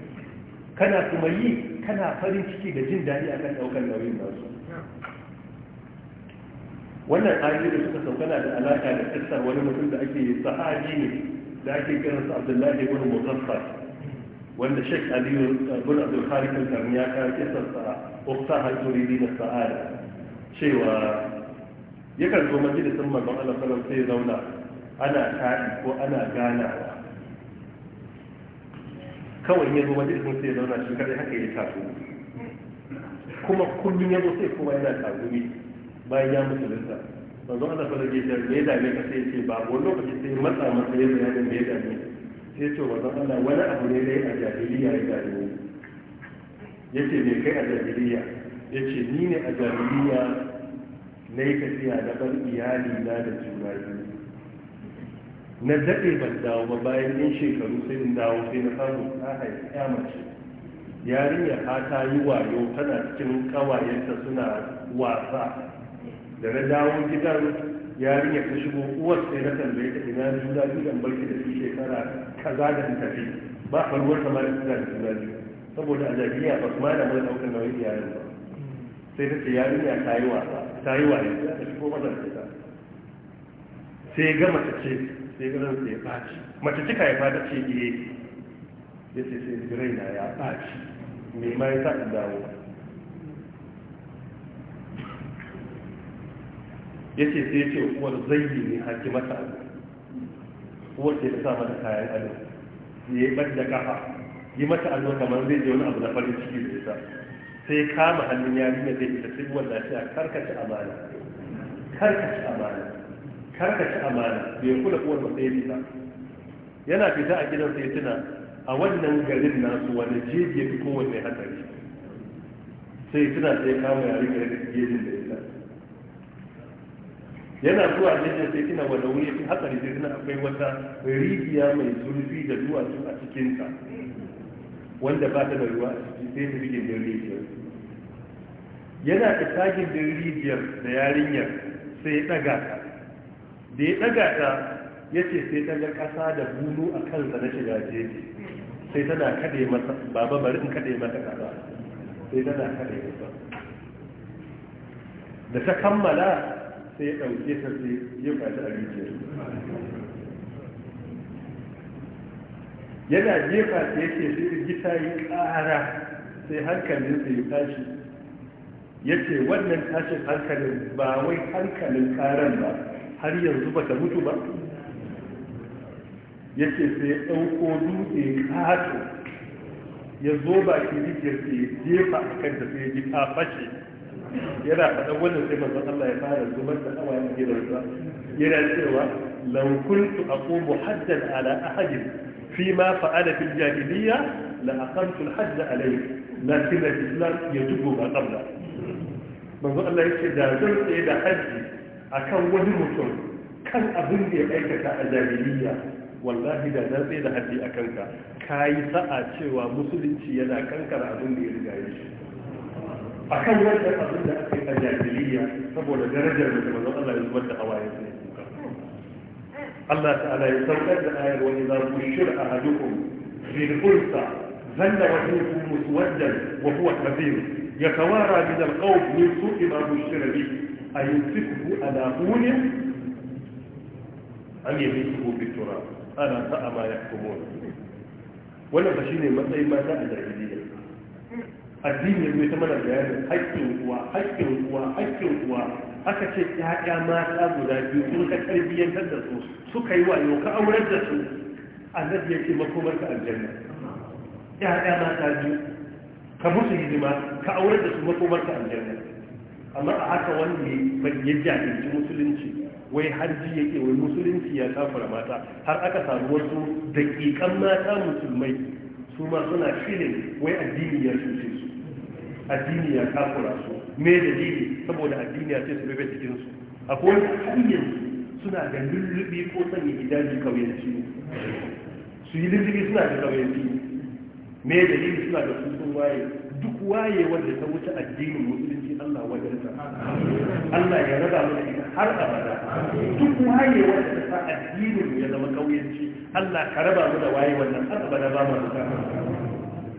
kana kuma yi kana farin ciki da jin daɗi akan ɗaukar nauyin nasu wannan ayoyi da suka na da alaƙa da kissar wani mutum da ake sahaji ne da ake su abdullahi ibn muzaffar wanda shek aliyu ibn abdul khalid al-karni ya kawo kissar sa ukta hajjuri da sa'ada cewa yakan zo majalisar manzon Allah sallallahu alaihi wasallam sai ya zauna ana taɗi ko ana ganawa kawai ya zo wajen sun sai zauna shi kadai haka ya tafi kuma kullum ya zo sai kuma yana tafi bayan ya mutu lissa ba zo ana fara ce me ya dame ka sai ce ba ko lokaci sai matsa masa ya bayanin me ya dame sai ce zan Allah wani abu ne dai a jahiliya ya dame ce me kai a jahiliya ce ni ne a jahiliya na yi tafiya na bar iyali na da juna biyu na daɗe ban dawo ba bayan yin shekaru sai in dawo sai na samu ta haifi ya mace yarinya ta ta yi wayo tana cikin kawayenta suna wasa da na dawo gidan yarinya ta shigo uwar sai na tambaye ta ina juna biyu dan barki da shi shekara kaza da tafi ba faruwar ta ma da juna biyu saboda a jami'a ba kuma da mai ɗaukar nauyin yaran ba sai ta ce yarinya ta yi wasa ta yi wayo ta shigo mata da ita sai gama ta ce sai ran sai ya baci mace cika ya fada ce iye, eh. ya ce sai rai na ya ɓaci, me ma ya sa in dawo ya ce sai ya ce uwar zai ne mata abu uwar ce ta sa mata kayan ado ya yi ɓadda ƙafa? yi mata allo kamar zai je wani abu na farin ciki da ita sai kama hannun yarinya zai ita sai uwar na ce a karkace amana karkace amana karkace amana bai kula ko wanda ba yana fita a gidan sai tuna a wannan garin nasu wani jeji ya fi kowanne hatsari sai tuna sai kama ya rike jejin da ya yana zuwa jejin sai tuna wanda wuri fi hatsari sai tuna akwai wata rijiya mai zurfi da duwatsu a cikinsa wanda ba ta da ruwa sai ta rike da rijiyar yana ta tagin da rijiyar da yarinyar sai ya ɗaga ta da ya daga ta ya ce sai ta ga ƙasa da bulu a kansa na shiga jeji sai tana kaɗe masa baba bari in kaɗe mata ƙasa sai tana kaɗe masa da ta kammala sai ya ɗauke ta sai ya kwashi a rijiyar yana jefa ta yake sai gita yi ƙara sai hankalin sai ya tashi ya ce wannan tashin hankalin ba wai hankalin ƙaran ba har yanzu ba ta mutu ba ya ce sai ɗauko dutse kato ya zo baki rijiyar sai ya jefa a kan da sai ji ta fashe yana faɗan wannan sai manzon Allah ya fara zubar da awa ya gina sa yana cewa law a aqumu haddan ala ahadin fi ma fa'ala fil jahiliyya la aqamtu al hajj alayhi lakin al islam yajibu ba qabla manzon Allah ya ce da zan tsaye da hajji akan wani mutum kan abin da ya aikata a jahiliya wallahi da na tsaye da haddi a kanka ka yi sa'a cewa musulunci yana kankara abin da ya riga ya shi a kan wancan abin da aka yi a jahiliya saboda darajar da manzon Allah ya zubar da hawaye sai kuka Allah ta'ala ya saukar da ayar wani za ku shir'a ahadukum bil fursa zalla wajhuhu muswaddan wa huwa kadhib yatawara min al-qawm min su'i ma bushira bihi a yi sifu a lahunin an yi bi kofi fitura ana ta a ma ya kuma wannan ba shi ne matsayin mata a jahiliya addini ne ta mana bayanin haƙƙin uwa haƙƙin uwa haƙƙin uwa aka ce ƴaƴa mata guda biyu sun ka tarbiyyantar da su suka yi wayo ka aurar da su annabi ya ce makomar ka aljanna ƴaƴa mata biyu ka musu hidima ka aurar da su makomar ka aljanna amma a haka wanda ya jahilci musulunci wai har ji yake wai musulunci ya kafura mata har aka samu wasu daƙiƙan mata musulmai su ma suna filin wai addini ya cuce su addini ya kafura su me dalili saboda addini ya ce su bebe cikin su akwai hanyar suna da lullubi ko sanya hijabi kawai su yi lullubi suna da su. me dalili suna da sun waye duk wayewar da ta wuce addinin musulunci Allah wajen ta Allah ya raba mu da har abada duk wayewar da ta addinin ya zama kauyanci Allah ka raba mu da wayewar wannan har abada ba mu da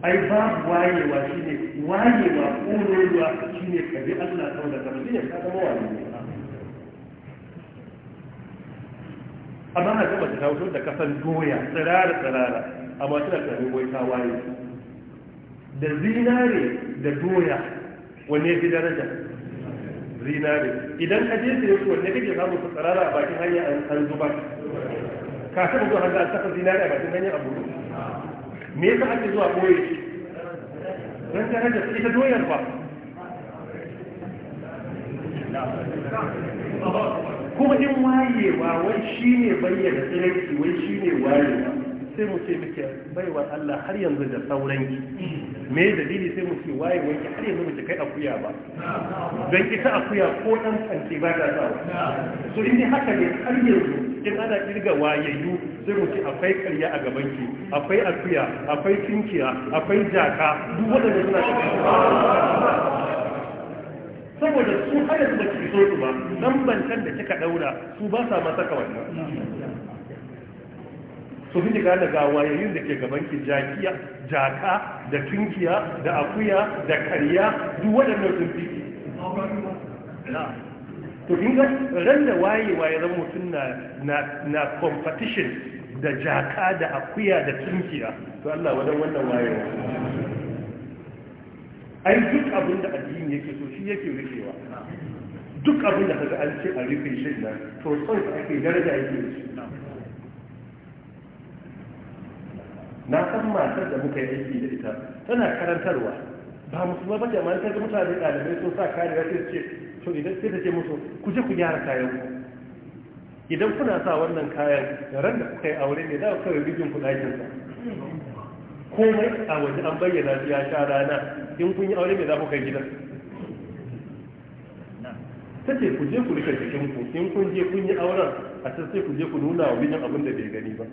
ai ba wayewa shine wayewa ƙorewa shine ka bi Allah wanda ka bi ya ka zama wa ne amma na ba ta kawo da kasan doya tsirara tsirara amma tana tsarin wai ta waye da zinare da doya wanne fi daraja zinare idan ka je sai wanne kake ke su tsarara a bakin hanya an zuba ka taɓa zuwa hanzu an saka zinare a bakin hanya a buru me yasa ake zuwa boye shi Dan daraja ita doyar ba kuma in wayewa wai shi ne bayyana tsirarki wai shi ne wayewa sai mu ce muke baiwar Allah har yanzu da sauran ki me dalili sai mu ce waye wanki har yanzu muke kai akuya ba don ita akuya ko dan kanke ba ta sawa so in haka ne har yanzu in ana kirga wayayyu sai mu ce akwai karya a gaban ki akwai akuya akwai tinkiya akwai jaka duk waɗanda suna cikin saboda su hada su baki so su ba dan bantan da kika daura su ba sa masa kawai so jika da gawa wayayin da ke gaban ki jakiya jaka da tunkiya da akuya da karya duk waɗannan sun fi to kin ga ran da waye waye ran mutum na na competition da jaka da akuya da tunkiya to Allah wadan wannan waye ai duk abin da addini yake so shi yake rikewa duk abin da kaga an ce a rufe shi nan to son ake daraja yake shi na san matar da muka yi aiki da ita tana karantarwa ba musulma ba jama'a ta ga mutane ɗalibai sun sa kare ya ce to idan sai ta ce musu ku je ku gyara kayan ku idan kuna sa wannan kayan ran da kuka yi aure ne za ku kawai bijin ku ɗakin sa komai a waje an bayyana ya sha rana in kun yi aure ne za ku kai gidan ta ce ku je ku rika jikin ku in kun je kun yi auren a can sai ku je ku nuna wa bijin abin da bai gani ba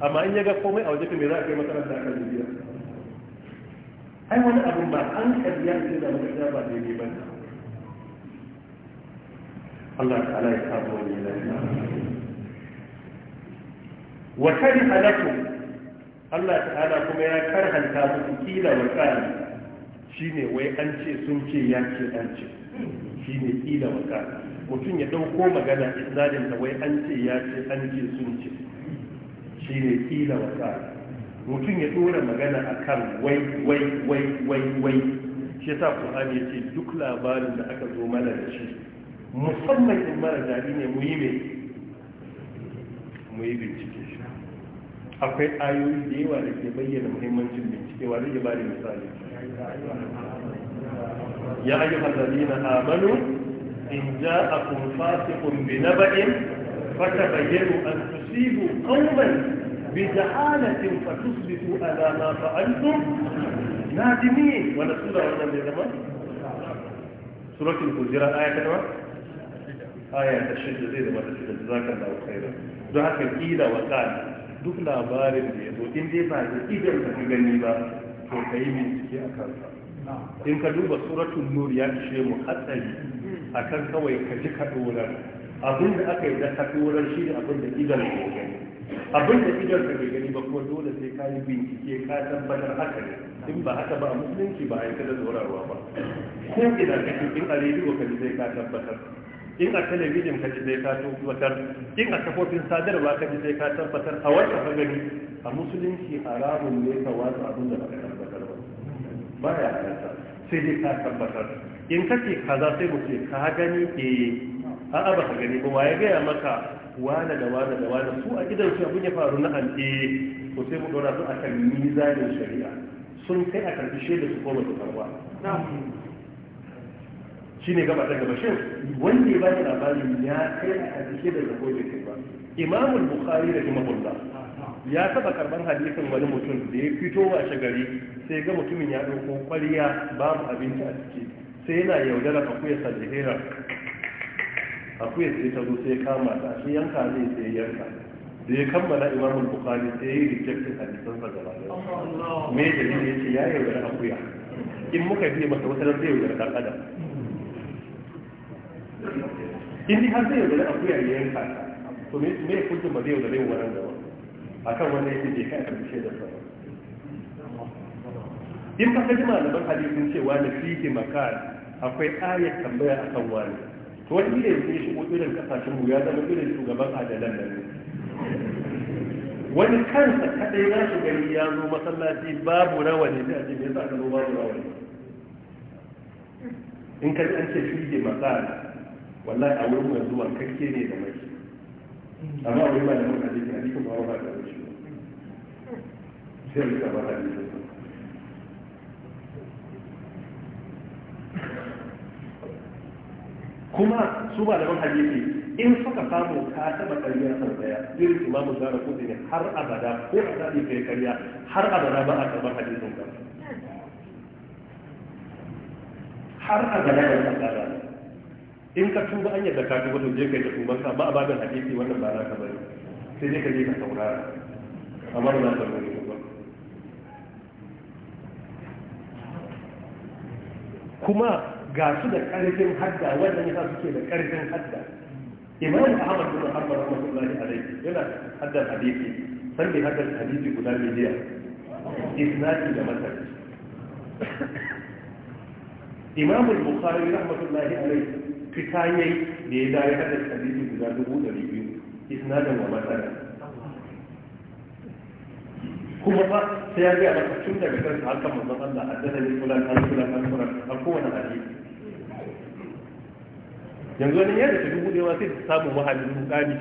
amma in ya ga komai a wajen mai za a kai makaranta a kan biya ai wani abin ba an kariya ce da makaranta ba daidai ba ne Allah ta'ala ya samu wani yi. wa kari halakun Allah ta'ala kuma ya karhanta musu kila wa shi shine wai an ce sun ce ya ce an ce shine kila wa kari mutum ya ɗauko magana isnadin da wai an ce ya ce an ce sun ce shi ne kila wata mutum ya dora magana a kan wai wai wai wai wai shi yasa ya ce duk labarin da aka zo mana da shi musamman in mara daɗi ne mu yi mai mu yi bincike shi akwai ayoyi da yawa da ke bayyana muhimmancin bincike wa zai ba da misali ya ayyukan na amanu in ja a fasiqun bi naba'in فتبينوا أن تصيبوا قوما بجهالة فتصبحوا على ما فعلتم نادمين ولا سورة ولا نظام سورة الهجرة آية كما آية الشدة زي ما تشهد جزاك الله خيرا don haka kila duk labarin da ya zo in dai ba ya idan ka gani ba to ka yi bincike a kansa in ka duba suratun nur ya ishe mu hatsari akan kawai ka ji ka dorar abin da aka yi da haɗurar shi da abin da idan ke gani abin da idan ka ke gani ba kuma dole sai ka yi bincike ka tabbatar haka ne in ba haka ba a musulunci ba a yi kada tsorarwa ba ko ina kake in a rediyo ka ji sai ka tabbatar in a talabijin ka ji sai ka tabbatar in a kafofin sadarwa ka ji sai ka tabbatar a wata ka gani a musulunci haramun ne ka watsa abin da ka tabbatar ba baya halarta sai dai ka tabbatar in kake kaza sai mu ce ka gani eh a'a ba ka gani ba ya gaya maka wane da wane da wane su a gidan shi abin ya faru na hanke. ko sai mu dora su akan mizanin shari'a sun kai a karbi shaida su koma da karba shi ne gaba daga bashin? wanda ya bani labarin ya kai a karbi shaida su ko bai ba imamul bukhari da imamullah ya taba karban hadisin wani mutum da ya fito washe gari sai ga mutumin ya ɗauko kwariya babu abinci a ciki sai yana yaudara kuya sadihira akuya sai ta zo sai kama ta shi yanka zai sai yanka da ya kammala imamu bukhari sai ya yi rejectin hadisan sa gaba ɗaya me da ne ya ce ya wani akuya in muka biye masa wata zai yaudar dan adam in ji har zai da akuya ya yanka ta to me ya kudin ba zai yaudar yin wannan gaba akan wannan yake je kai a karshe da sa in ka kaji malaman hadisin cewa na fihi makar akwai ayat tambaya akan wani to wani gida ya shigo irin kasashen mu ya zama irin shugaban adalan da ne wani kansa kadai na shi gari ya zo masallaci babu rawa ne a cikin yasa ka zo babu rawa in kai an ce shi ke matsala wallahi a wurin yanzu wankakke ne da mai amma a wurin mun hadisi cikin ba wa ba da ba sai ka ba hadisi kuma su ba da hadisi in suka samu ka taba ƙarya sau daya irin mu zara ko ne har abada ko a zaɓi kai ƙarya har abada ba a karɓar hadisin ka har abada ba a karɓar in ka tuba an yadda ka tuba to je kai da tuban ka ba a babin hadisi wannan ba na ka bari sai dai ka je ka saurara amma ba za ka bari ba kuma ga su da ƙarfin hadda wajen yasa suke da ƙarfin hadda imam ahmad bin hanbal rahmatullahi alaihi yana haddar hadisi san bi haddar hadisi guda miliya isnadi da matan imam al-bukhari rahmatullahi alaihi fitaye da ya dai haddar hadisi guda dubu da biyu isnadin wa matan kuma ba sai ya ga tun daga kansa har kan manzon Allah haddana ni fulan har fulan har fulan a kowane hadisi yanzu wani ya da dubu dewa sai ta samu mahalin rudani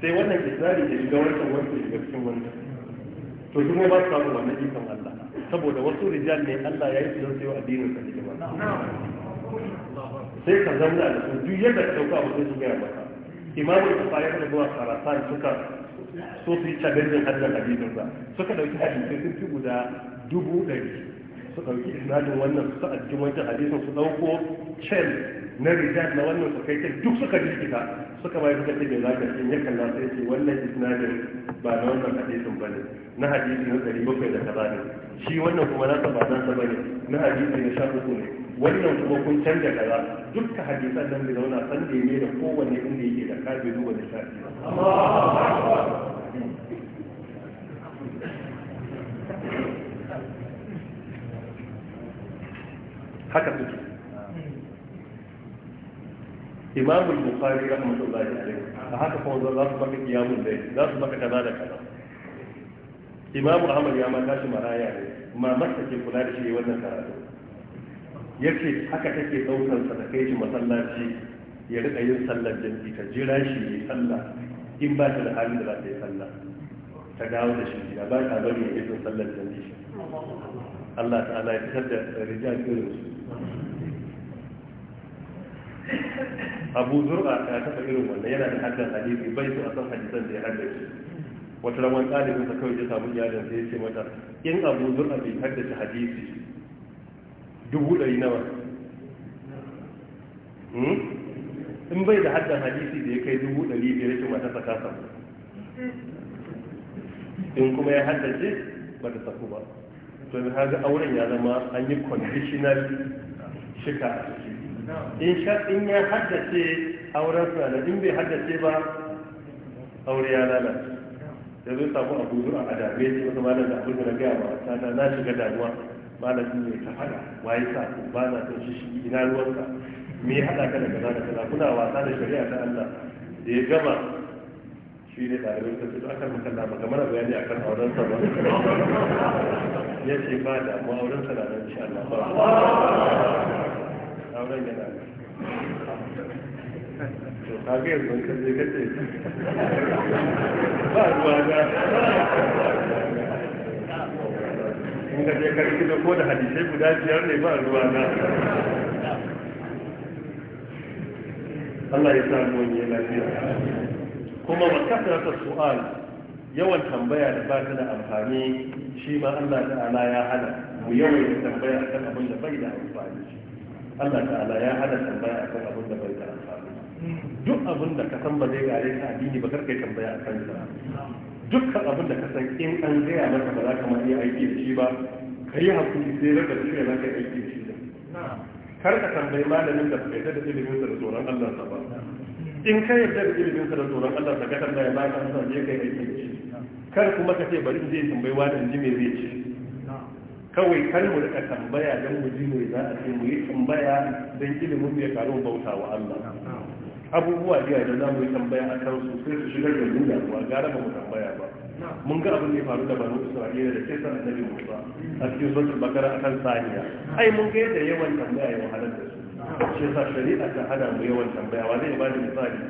sai wannan isra'i da shiga wancan wancan shiga cikin wancan to su ba su samu wannan ikon Allah saboda wasu rijal ne Allah ya yi su don sayo addinin sa hidima sai ka zanna da su duk yadda ka dauka mutum su gaya maka imamu da kafa yadda zuwa sarasan suka so su yi challenging hajjar addinin sa suka dauki sai sun fi guda dubu ɗari su wuce isnadin wannan su ajiye wancan hadisin su ɗauko cel na rijal na wannan su kai duk suka jirkita suka bayar suka ce mai zaka cikin ya kalla sai ce wannan isnadin ba na wannan hadisin bane na hadisi na ɗari bakwai da kaza ne shi wannan kuma nasa ba nasa bane na hadisi na sha uku ne wannan kuma kun canja kaza dukkan hadisan nan da zauna san da ne da kowanne inda yake da kabe duba da shafi Allahu Akbar haka suke imamul bukhari rahmatullahi alaihi a haka kuma za su baka kiyamun dai za su baka kaza da kaza imamu ahmad ya ma tashi maraya ne mamarsa ke kula da shi wannan karatu Ya ce haka take daukar sa da kai shi masallaci ya rika yin sallar jami'i ta jira shi ya yi sallah in ba ta da halin da za ta yi sallah ta dawo da shi ya ba ta bari ya yi sallar jami'i الله تعالى يتحدث رجال إيروس أبو ذرع كاتب إيروس ولا ينا من حد الحديث بيت أصل حديثا في حديث وتلوان قال يقول لك ويجي تابو جاد إن أبو ذرع بيحدث حديث دبول أي نوع إن بيت حد الحديث ده كي دبول أي بيرجع ما تتكاثر إن كم يحدث ما تتكاثر to kaga auren ya zama an yi conditional shika in sha in ya haddace auren sana in bai haddace ba aure ya lalace da zai samu abu zuwa a dame shi wata malam da abin da na gaya ba ta na shiga damuwa malam din ne ta fada waye sa ba na son shi ina ruwanka me ya haɗa ka da kaza da kaza kuna wasa da shari'a ta Allah da ya gama shi ne ɗalibin ta fito akan mutum na baka mana bayani akan auren sa ba ya ce ba da mu auren sa na nan insha Allah auren yana to ka ga yanzu ka je ka ce ba ruwa ga in ka je ka rikido ko da hadisai guda biyar ne ba ruwa na Allah ya sa mu ne lafiya kuma wa kasrata su'al yawan tambaya da ba ta da amfani shi ma Allah ta'ala ya hada mu yawan tambaya akan abin da bai da amfani Allah ta'ala ya hada tambaya akan abin da bai da amfani duk abin da ka san ba zai gare ka addini ba karkai tambaya akan sa dukkan abin da ka san in an gaya maka ba za ka ma iya aiki da shi ba ka yi hakuri sai raka da shi za ka yi aiki da shi da kar ka tambayi malamin da bai da ilimin sa da tsoron Allah sa ba in ka yarda da ilimin sa da tsoron Allah da kadan da ya baka su je kai aiki da shi kar kuma ka ce bari in je tambayi wa dan ji zai ce kawai kar mu rika tambaya dan mu ji mai za a ce mu yi tambaya dan ilimin ya karu bauta wa Allah abubuwa da yadda za mu yi tambaya a kan su sai su shigar da mu damuwa gara ba mu tambaya ba mun ga abin da ya faru da banu isra'ila da san annabi musa a cikin suratul bakara akan saniya ai mun ga yadda yawan tambaya ya wahalar da su shi sa shari'a ta hada mu yawan tambaya wa zai ba da misali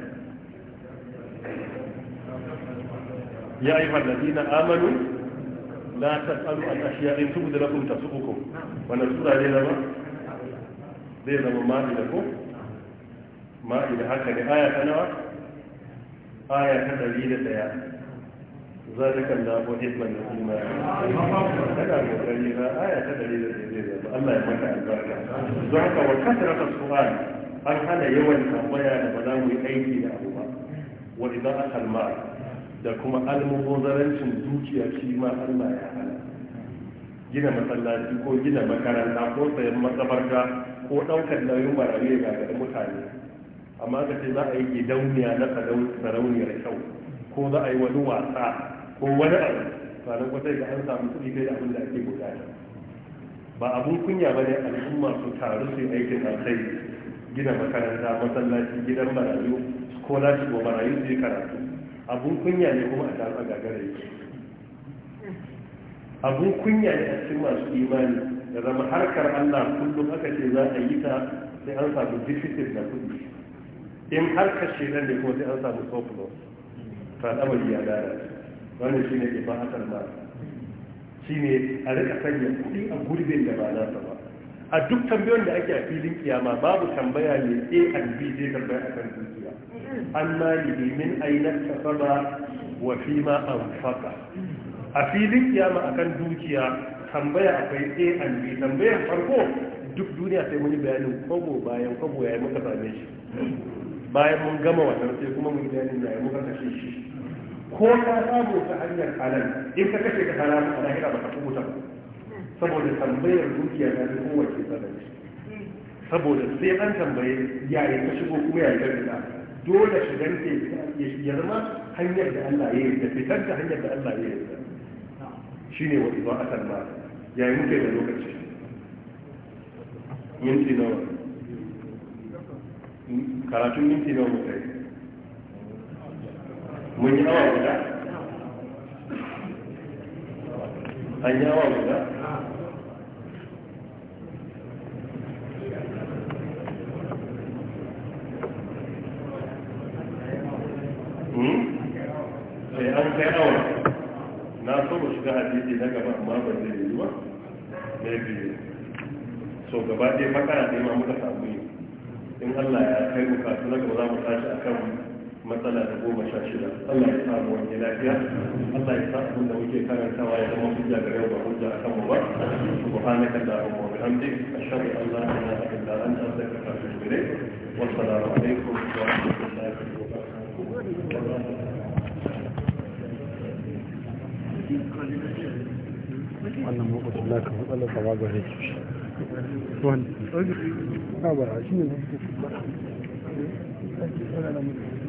ya yi fallafi na amanu la ta tsaro a ashiya in tubu da lakum ta su'ukum wannan sura ne zama zai zama ma'ida ko ma'ida haka ne aya ta nawa aya ta ɗari da ɗaya ذلك الله محب اليتيمة هذا الكريم آية دليل الجزيرة الله Allah ya ذلك وكثرة السؤال ka هذا يوم تنبيا لبلاوي an hana yawan المال da kuma almubazarancin dukiya shi ma Allah ya hana gina masallaci ko gina makaranta ko sayan matsabarta ko ɗaukar nauyin marayu ga mutane amma ka ce za a yi gidauniya na sarauniyar kyau ko za a yi wani wasa ko wani abu ba nan kwatai ga an samu kudi kai da abin da ake bukata ba abun kunya ba ne al'umma su taru su yi aikin alkhairi gina makaranta masallaci gidan marayu ko lashi ko marayu su yi karatu abun kunya ne kuma a taru a gagarai abun kunya ne a cikin masu imani da zama harkar allah kullum aka ce za a yi ta sai an samu deficit na kuɗi in harkar nan ne kuma sai an samu surplus to ya lalace wannan ne ke ba hakan ba ne a rika sanya kuɗi a gurbin da ba nasa ba a duk tambayoyin da ake a filin kiyama babu tambaya ne a and b zai karɓar a kan dukiya an malibi min ainihin saba wa fi ma an faka a filin kiyama a kan dukiya tambaya akwai a and b tambayar farko duk duniya sai muni bayanin kwabo bayan kwabo ya yi muka same shi bayan mun gama wasan sai kuma mun bayanin ya yi muka kashe shi ko ka samu ta hanyar halal in ka kashe ka halal a lahira ba ka fi mutum saboda tambayar dukiya na duk kowace tsanani saboda sai an tambaye yaya ka shigo kuma ya ka fita dole shigan ke ya zama hanyar da Allah ya da fitar da hanyar da Allah ya ne wani ba a atal Ya yi muke da lokaci minti nawa karatun minti nawa mutane mun yi awa guda an yi awa guda hmm? sai an kai awa na so mu shiga hadisi na gaba amma ba zai yi ba na biyu so gaba ɗaya fakara ne ma muka samu yi in allah ya kai kasu, na gaba za mu tashi akan matsala da goma sha shida Allah ya samu wani lafiya Allah ya sa abin da muke karantawa ya zama hujja ga yau ba hujja a kanmu ba subhanaka allahumma wa bihamdik ashhadu an la ilaha illa anta astaghfiruka wa atubu ilayk wa assalamu alaikum wa rahmatullahi wa barakatuh wannan lokacin da ka matsalar da ba gare shi wani ba ba shi ne na